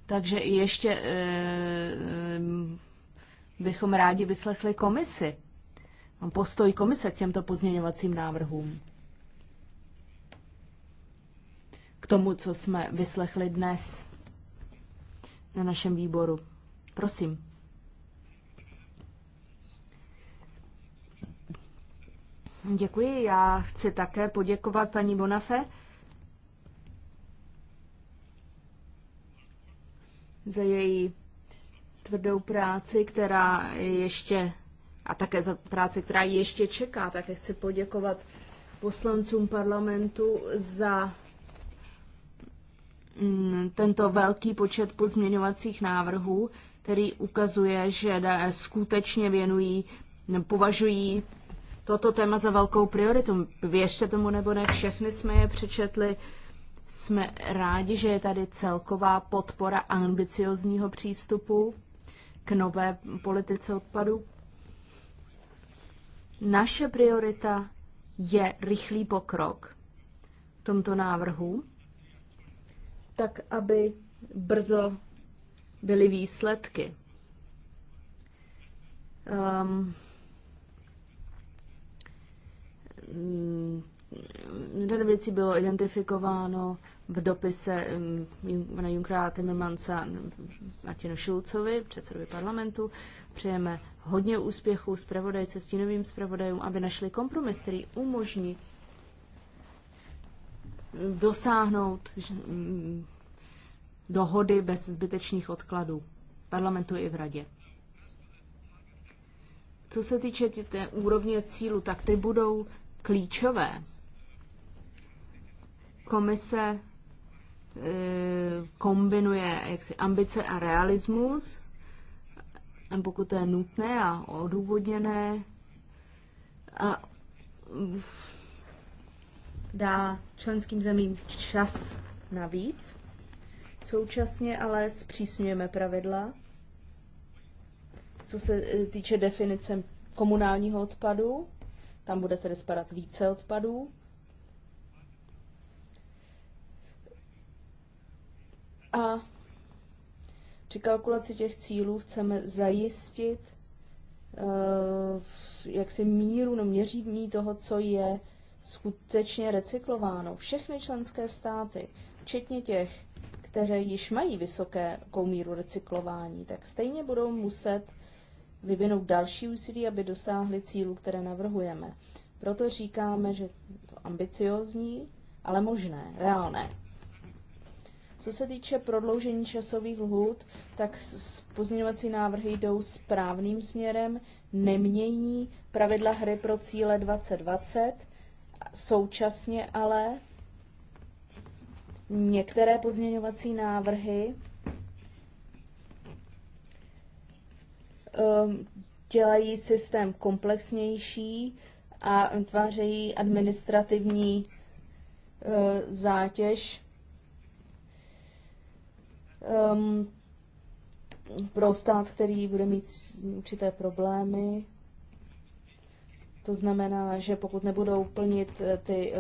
Takže ještě e, bychom rádi vyslechli komisi. Postoj komise k těmto pozměňovacím návrhům. K tomu, co jsme vyslechli dnes na našem výboru. Prosím. Děkuji. Já chci také poděkovat paní Bonafe za její tvrdou práci, která ještě a také za práci, která ještě čeká. Také chci poděkovat poslancům parlamentu za Mm, tento velký počet pozměňovacích návrhů, který ukazuje, že DS skutečně věnují, považují toto téma za velkou prioritu. Věřte tomu nebo ne, všechny jsme je přečetli. Jsme rádi, že je tady celková podpora ambiciozního přístupu k nové politice odpadu. Naše priorita je rychlý pokrok v tomto návrhu tak aby brzo byly výsledky. Um, mm, Řada věcí bylo identifikováno v dopise mm, pana Junkera Timmermansa Martinu Šulcovi, předsedovi parlamentu. Přejeme hodně úspěchů zpravodajce, stínovým zpravodajům, aby našli kompromis, který umožní dosáhnout mm, dohody bez zbytečných odkladů parlamentu i v radě. Co se týče té úrovně cílu, tak ty budou klíčové. Komise e, kombinuje jaksi ambice a realismus, pokud to je nutné a odůvodněné, a dá členským zemím čas navíc. Současně ale zpřísňujeme pravidla, co se e, týče definice komunálního odpadu. Tam bude tedy spadat více odpadů. A při kalkulaci těch cílů chceme zajistit uh, jaksi míru, no měření toho, co je skutečně recyklováno. Všechny členské státy, včetně těch, které již mají vysoké míru recyklování, tak stejně budou muset vyvinout další úsilí, aby dosáhly cílů, které navrhujeme. Proto říkáme, že to ambiciozní, ale možné, reálné. Co se týče prodloužení časových lhůt, tak pozměňovací návrhy jdou správným směrem, nemění pravidla hry pro cíle 2020 Současně ale některé pozměňovací návrhy ehm, dělají systém komplexnější a tvářejí administrativní eh, zátěž ehm, pro stát, který bude mít určité problémy. To znamená, že pokud nebudou plnit eh, ty eh,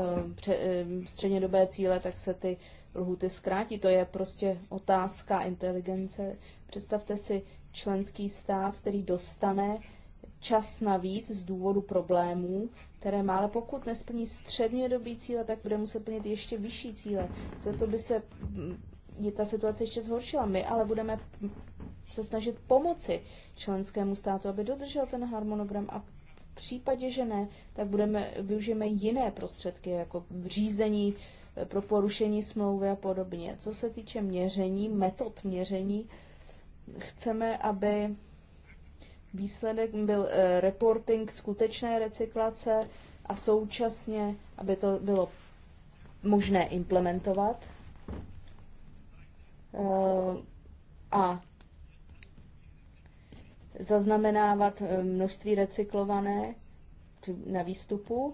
eh, střednědobé cíle, tak se ty lhuty zkrátí. To je prostě otázka inteligence. Představte si členský stát, který dostane čas navíc z důvodu problémů, které má, ale pokud nesplní střednědobý cíle, tak bude muset plnit ještě vyšší cíle. Za to by se mm, je ta situace ještě zhoršila. My ale budeme se snažit pomoci členskému státu, aby dodržel ten harmonogram a případě, že ne, tak budeme, využijeme jiné prostředky, jako řízení eh, pro porušení smlouvy a podobně. Co se týče měření, metod měření, chceme, aby výsledek byl eh, reporting skutečné recyklace a současně, aby to bylo možné implementovat. Eh, a zaznamenávat eh, množství recyklované na výstupu.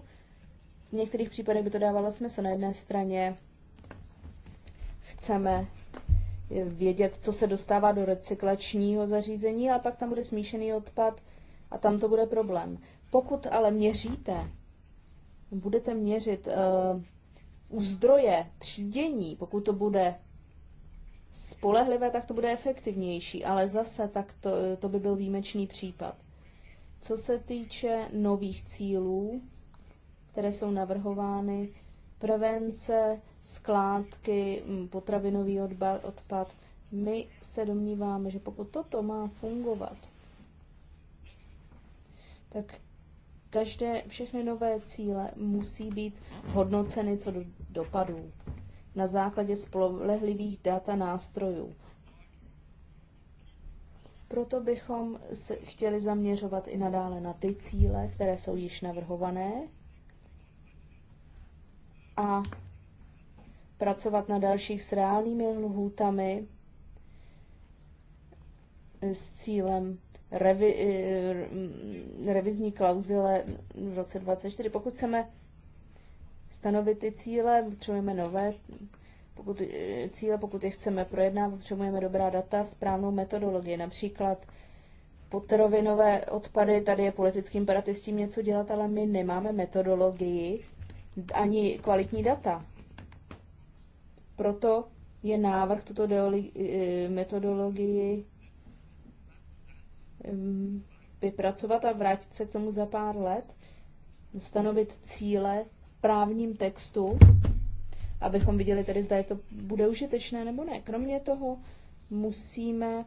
V některých případech by to dávalo smysl. Na jedné straně chceme eh, vědět, co se dostává do recyklačního zařízení, ale pak tam bude smíšený odpad a tam to bude problém. Pokud ale měříte, budete měřit uh, u zdroje třídění, pokud to bude spolehlivé, tak to bude efektivnější, ale zase tak to, to by byl výjimečný případ. Co se týče nových cílů, které jsou navrhovány, prevence, skládky, mm, potravinový odpad, my se domníváme, že pokud toto má fungovat, tak každé, všechny nové cíle musí být hodnoceny co do dopadů na základě spolehlivých dat a nástrojů. Proto bychom se chtěli zaměřovat i nadále na ty cíle, které jsou již navrhované a pracovat na dalších s reálnými lhůtami s cílem revi, eh, revizní klauzule v roce 24. Pokud chceme stanovit ty cíle, potřebujeme nové pokud, eh, cíle, pokud je chceme projednávat, potřebujeme dobrá data, správnou metodologii, například potravinové odpady, tady je politický imperativ s tím něco dělat, ale my nemáme metodologii ani kvalitní data. Proto je návrh tuto deoli, eh, metodologii mm, vypracovat a vrátit se k tomu za pár let, stanovit cíle, právním textu, abychom viděli tedy, zda je to bude užitečné nebo ne. Kromě toho musíme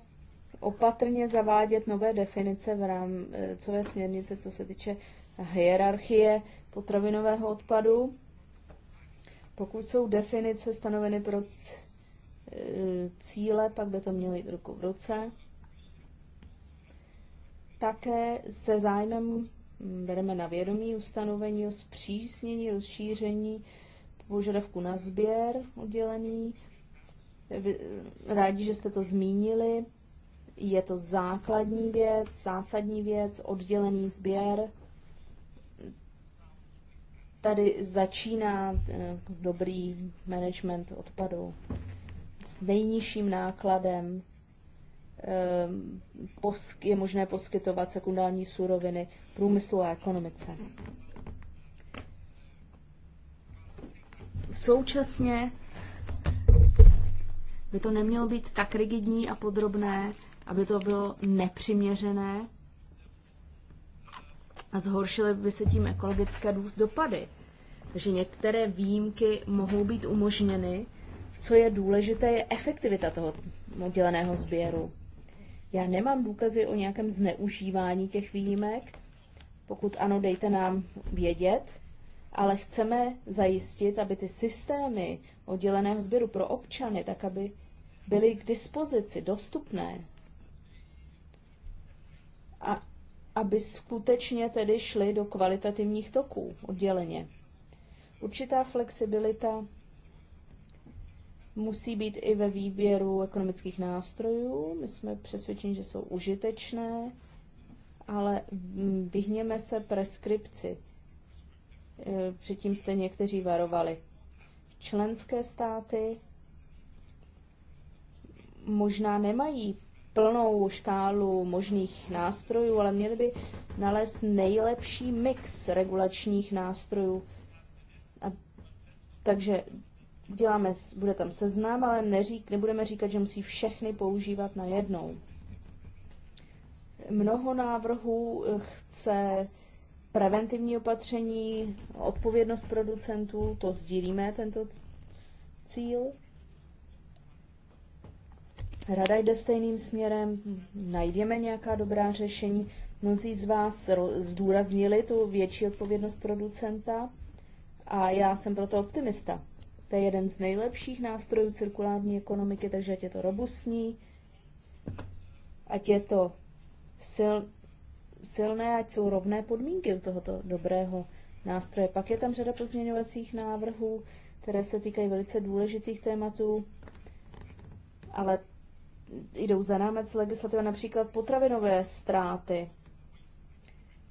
opatrně zavádět nové definice v rámcové eh, směrnice, co se týče hierarchie potravinového odpadu. Pokud jsou definice stanoveny pro eh, cíle, pak by to mělo jít ruku v ruce. Také se zájmem Mm, bereme na vědomí ustanovení o zpřísnění, rozšíření požadavku na sběr oddělený. Rádi, že jste to zmínili. Je to základní věc, zásadní věc, oddělený sběr. Tady začíná eh, dobrý management odpadu s nejnižším nákladem Ehm, je možné poskytovat sekundární suroviny průmyslu a ekonomice. Současně by to nemělo být tak rigidní a podrobné, aby to bylo nepřiměřené a zhoršily by se tím ekologické dopady. Takže některé výjimky mohou být umožněny. Co je důležité, je efektivita toho odděleného sběru. Já nemám důkazy o nějakém zneužívání těch výjimek. Pokud ano, dejte nám vědět, ale chceme zajistit, aby ty systémy odděleného sběru pro občany, tak aby byly k dispozici, dostupné. A aby skutečně tedy šly do kvalitativních toků odděleně. Určitá flexibilita musí být i ve výběru ekonomických nástrojů. My jsme přesvědčeni, že jsou užitečné, ale vyhněme se preskripci. E, předtím jste někteří varovali. Členské státy možná nemají plnou škálu možných nástrojů, ale měly by nalézt nejlepší mix regulačních nástrojů. A, takže uděláme, bude tam seznam, ale neřík, nebudeme říkat, že musí všechny používat na jednou. Mnoho návrhů eh, chce preventivní opatření, odpovědnost producentů, to sdílíme, tento cíl. Rada jde stejným směrem, najdeme nějaká dobrá řešení. Mnozí z vás zdůraznili tu větší odpovědnost producenta a já jsem proto optimista. To je jeden z nejlepších nástrojů cirkulární ekonomiky, takže ať je to robustní, ať je to sil, silné, ať jsou rovné podmínky u tohoto dobrého nástroje. Pak je tam řada pozměňovacích návrhů, které se týkají velice důležitých tématů, ale jdou za rámec legislativy, například potravinové ztráty.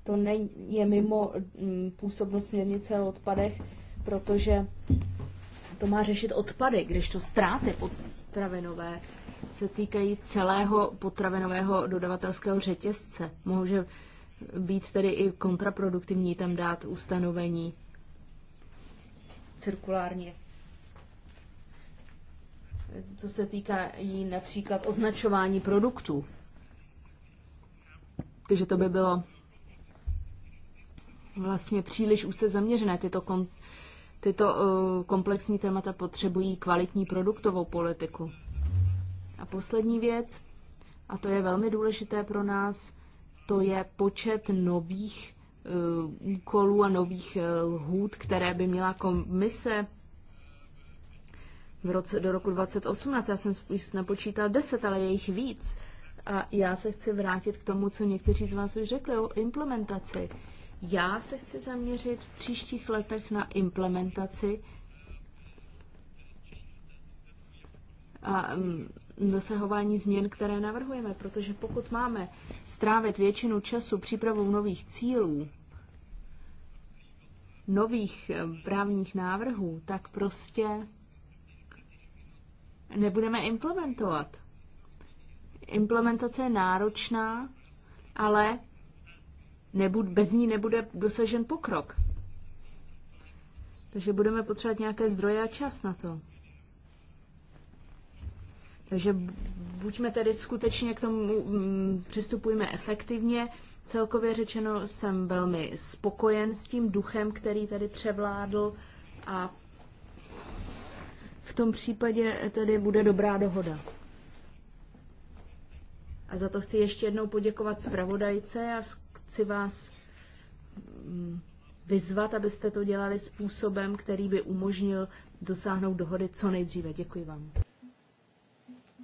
To ne, je mimo mm, působnost směrnice o odpadech, protože to má řešit odpady, když to ztráty potravinové se týkají celého potravinového dodavatelského řetězce. Může být tedy i kontraproduktivní tam dát ustanovení cirkulárně. Co se týká jí například označování produktů. Takže to by bylo vlastně příliš už se zaměřené tyto kon- Tyto eh, komplexní témata potřebují kvalitní produktovou politiku. A poslední věc, a to je velmi důležité pro nás, to je počet nových eh, úkolů a nových eh, lhůt, které by měla komise v roce, do roku 2018. Já jsem spíš napočítal 10, ale je jich víc. A já se chci vrátit k tomu, co někteří z vás už řekli o implementaci. Já se chci zaměřit v příštích letech na implementaci a mm, dosahování změn, které navrhujeme, protože pokud máme strávit většinu času přípravou nových cílů, nových eh, právních návrhů, tak prostě nebudeme implementovat. Implementace je náročná, ale nebud, bez ní nebude dosažen pokrok. Takže budeme potřebovat nějaké zdroje a čas na to. Takže buďme tedy skutečně k tomu, mm, přistupujme efektivně. Celkově řečeno jsem velmi spokojen s tím duchem, který tady převládl a v tom případě tedy bude dobrá dohoda. A za to chci ještě jednou poděkovat zpravodajce a chci vás mm, vyzvat, abyste to dělali způsobem, který by umožnil dosáhnout dohody co nejdříve. Děkuji vám.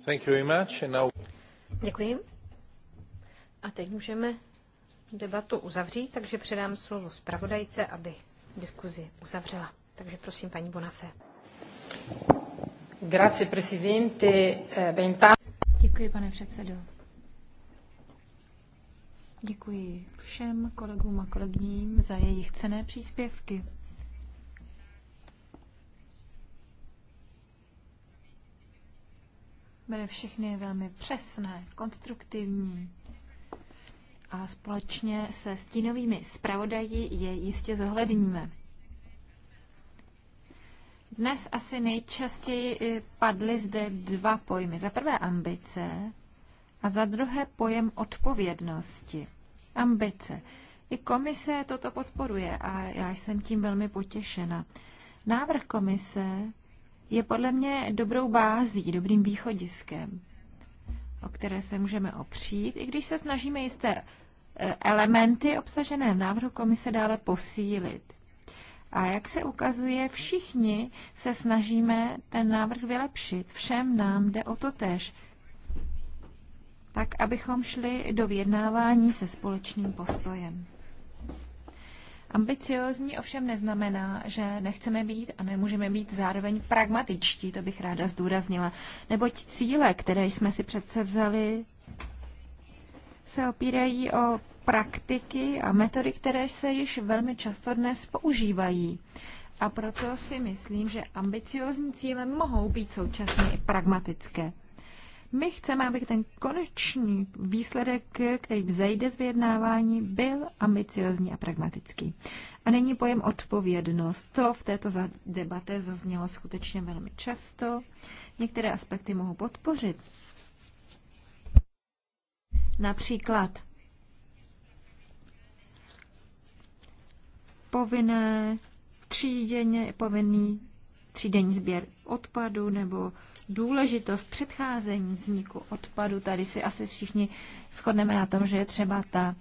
Thank you very much. And now... Děkuji. A teď můžeme debatu uzavřít, takže předám slovo zpravodajce, aby diskuzi uzavřela. Takže prosím, paní Bonafé. Grazie, presidente. Eh, Děkuji, pane předsedo. Děkuji všem kolegům a kolegyním za jejich cené příspěvky. Byly všechny velmi přesné, konstruktivní a společně se stínovými zpravodaji je jistě zohledníme. Dnes asi nejčastěji padly zde dva pojmy. Za prvé ambice a za druhé pojem odpovědnosti, ambice. I komise toto podporuje a já jsem tím velmi potěšena. Návrh komise je podle mě dobrou bází, dobrým východiskem, o které se můžeme opřít, i když se snažíme jisté e, elementy obsažené v návrhu komise dále posílit. A jak se ukazuje, všichni se snažíme ten návrh vylepšit. Všem nám jde o to tež tak abychom šli do vyjednávání se společným postojem. Ambiciozní ovšem neznamená, že nechceme být a nemůžeme být zároveň pragmatičtí, to bych ráda zdůraznila, neboť cíle, které jsme si přece vzali, se opírají o praktiky a metody, které se již velmi často dnes používají. A proto si myslím, že ambiciozní cíle mohou být současně i pragmatické. My chceme, aby ten konečný výsledek, který vzejde z vyjednávání, byl ambiciozní a pragmatický. A není pojem odpovědnost, co v této debate zaznělo skutečně velmi často. Některé aspekty mohu podpořit. Například povinné třídeně, povinný třídenní sběr odpadu nebo důležitost předcházení vzniku odpadu, tady si asi všichni shodneme na tom, že je třeba ta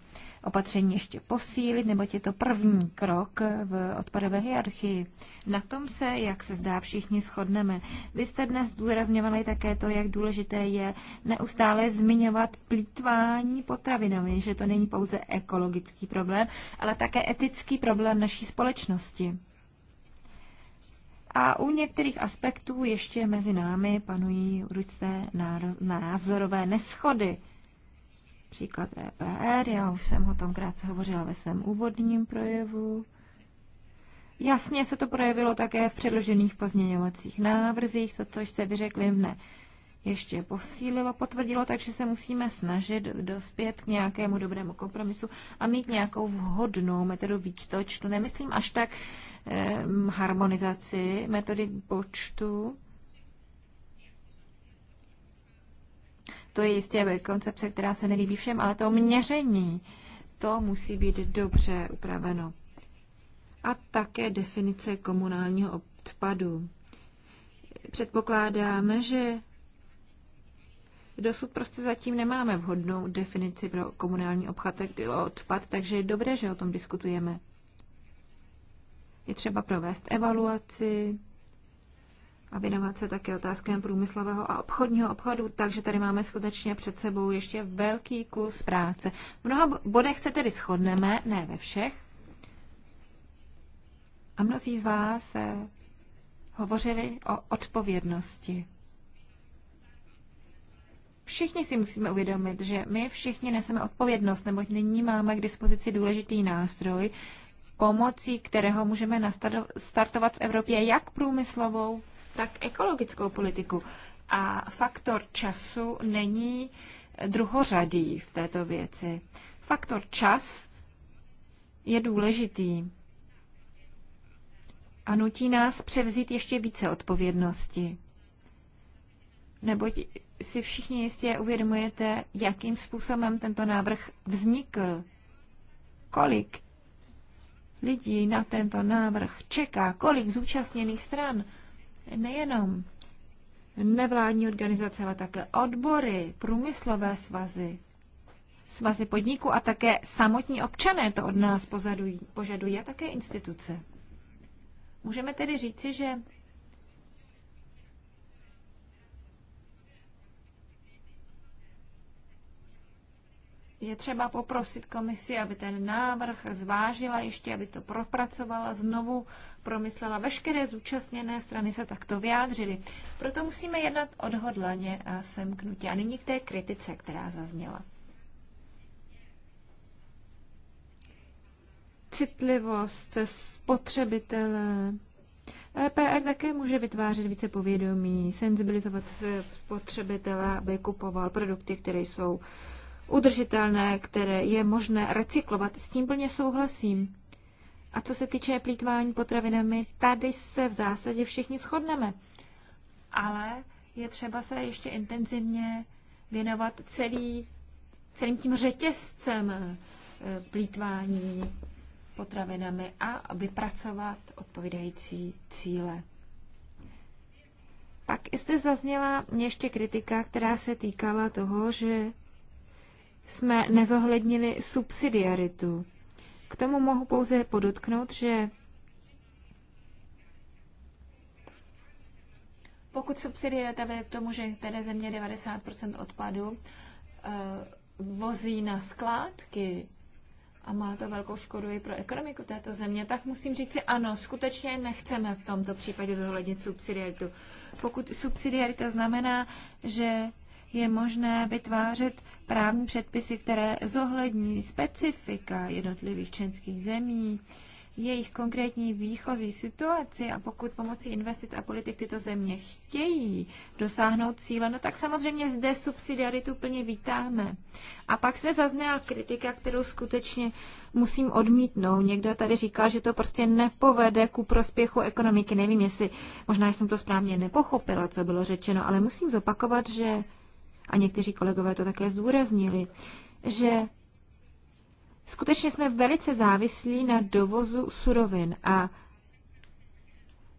opatření ještě posílit, nebo je to první krok v odpadové hierarchii. Na tom se, jak se zdá, všichni shodneme. Vy jste dnes zdůrazňovali také to, jak důležité je neustále zmiňovat plítvání potravinami, že to není pouze ekologický problém, ale také etický problém naší společnosti. A u některých aspektů ještě mezi námi panují určité názorové neschody. Příklad EPR, já už jsem o tom krátce hovořila ve svém úvodním projevu. Jasně se to projevilo také v předložených pozměňovacích návrzích, to, co jste vyřekli mne ještě posílilo, potvrdilo, takže se musíme snažit dospět k nějakému dobrému kompromisu a mít nějakou vhodnou metodu výčtočtu. Nemyslím až tak, Eh, harmonizaci metody počtu. To je jistě koncepce, která se nelíbí všem, ale to měření, to musí být dobře upraveno. A také definice komunálního odpadu. Předpokládáme, že Dosud prostě zatím nemáme vhodnou definici pro komunální obchatek, odpad, takže je dobré, že o tom diskutujeme. Je třeba provést evaluaci a věnovat se také otázkám průmyslového a obchodního obchodu, takže tady máme skutečně před sebou ještě velký kus práce. V mnoha bodech se tedy shodneme, ne ve všech. A mnozí z vás hovořili o odpovědnosti všichni si musíme uvědomit, že my všichni neseme odpovědnost, neboť nyní máme k dispozici důležitý nástroj, pomocí kterého můžeme startovat v Evropě jak průmyslovou, tak ekologickou politiku. A faktor času není druhořadý v této věci. Faktor čas je důležitý a nutí nás převzít ještě více odpovědnosti. Neboť si všichni jistě uvědomujete, jakým způsobem tento návrh vznikl, kolik lidí na tento návrh čeká, kolik zúčastněných stran, nejenom nevládní organizace, ale také odbory, průmyslové svazy, svazy podniků a také samotní občané to od nás požadují, požadují a také instituce. Můžeme tedy říci, že je třeba poprosit komisi, aby ten návrh zvážila ještě, aby to propracovala, znovu promyslela. Veškeré zúčastněné strany se takto vyjádřily. Proto musíme jednat odhodlaně a semknutě. A nyní k té kritice, která zazněla. Citlivost spotřebitele. EPR také může vytvářet více povědomí, senzibilizovat spotřebitele, aby kupoval produkty, které jsou uh, udržitelné, které je možné recyklovat. S tím plně souhlasím. A co se týče plítvání potravinami, tady se v zásadě všichni shodneme. Ale je třeba se ještě intenzivně věnovat celý, celým tím řetězcem eh, plítvání potravinami a vypracovat odpovídající cíle. Pak jste zazněla ještě kritika, která se týkala toho, že jsme nezohlednili subsidiaritu. K tomu mohu pouze podotknout, že pokud subsidiarita vede k tomu, že které země 90% odpadu eh, vozí na skládky, a má to velkou škodu i pro ekonomiku této země, tak musím říct si ano, skutečně nechceme v tomto případě zohlednit subsidiaritu. Pokud subsidiarita znamená, že je možné vytvářet právní předpisy, které zohlední specifika jednotlivých členských zemí, jejich konkrétní výchozí situaci a pokud pomocí investic a politik tyto země chtějí dosáhnout cíle, no tak samozřejmě zde subsidiaritu plně vítáme. A pak se zazněla kritika, kterou skutečně musím odmítnout. Někdo tady říkal, že to prostě nepovede ku prospěchu ekonomiky. Nevím, jestli možná jsem to správně nepochopila, co bylo řečeno, ale musím zopakovat, že a někteří kolegové to také zdůraznili, že skutečně jsme velice závislí na dovozu surovin a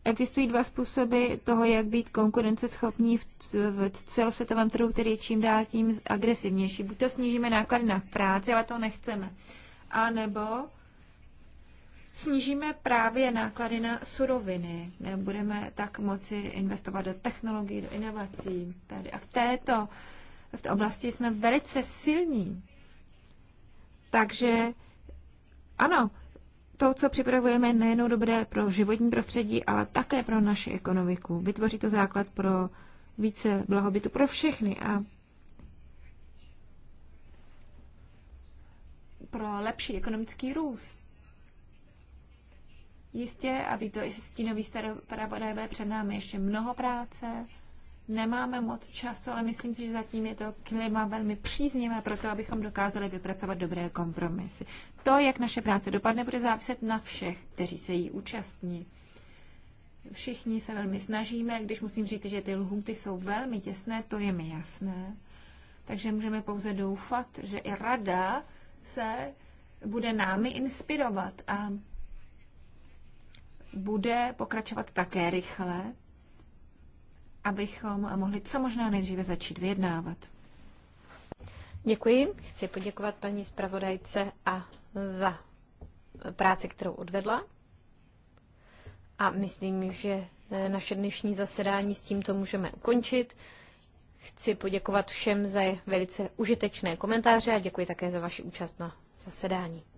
Existují dva způsoby toho, jak být konkurenceschopní v, v celosvětovém trhu, který je čím dál tím agresivnější. Buď to snížíme náklady na práci, ale to nechceme. A nebo snížíme právě náklady na suroviny. Budeme tak moci investovat do technologií, do inovací. Tady. A v této v té oblasti jsme velice silní. Takže ano, to, co připravujeme, je nejenom dobré pro životní prostředí, ale také pro naši ekonomiku. Vytvoří to základ pro více blahobytu pro všechny a pro lepší ekonomický růst. Jistě, a to i stínový staropravodajové před námi ještě mnoho práce, nemáme moc času, ale myslím si, že zatím je to klima velmi příznivé pro to, abychom dokázali vypracovat dobré kompromisy. To, jak naše práce dopadne, bude záviset na všech, kteří se jí účastní. Všichni se velmi snažíme, když musím říct, že ty lhuty jsou velmi těsné, to je mi jasné. Takže můžeme pouze doufat, že i rada se bude námi inspirovat a bude pokračovat také rychle, abychom mohli co možná nejdříve začít vyjednávat. Děkuji. Chci poděkovat paní zpravodajce a za práci, kterou odvedla. A myslím, že naše dnešní zasedání s tímto můžeme ukončit. Chci poděkovat všem za velice užitečné komentáře a děkuji také za vaši účast na zasedání.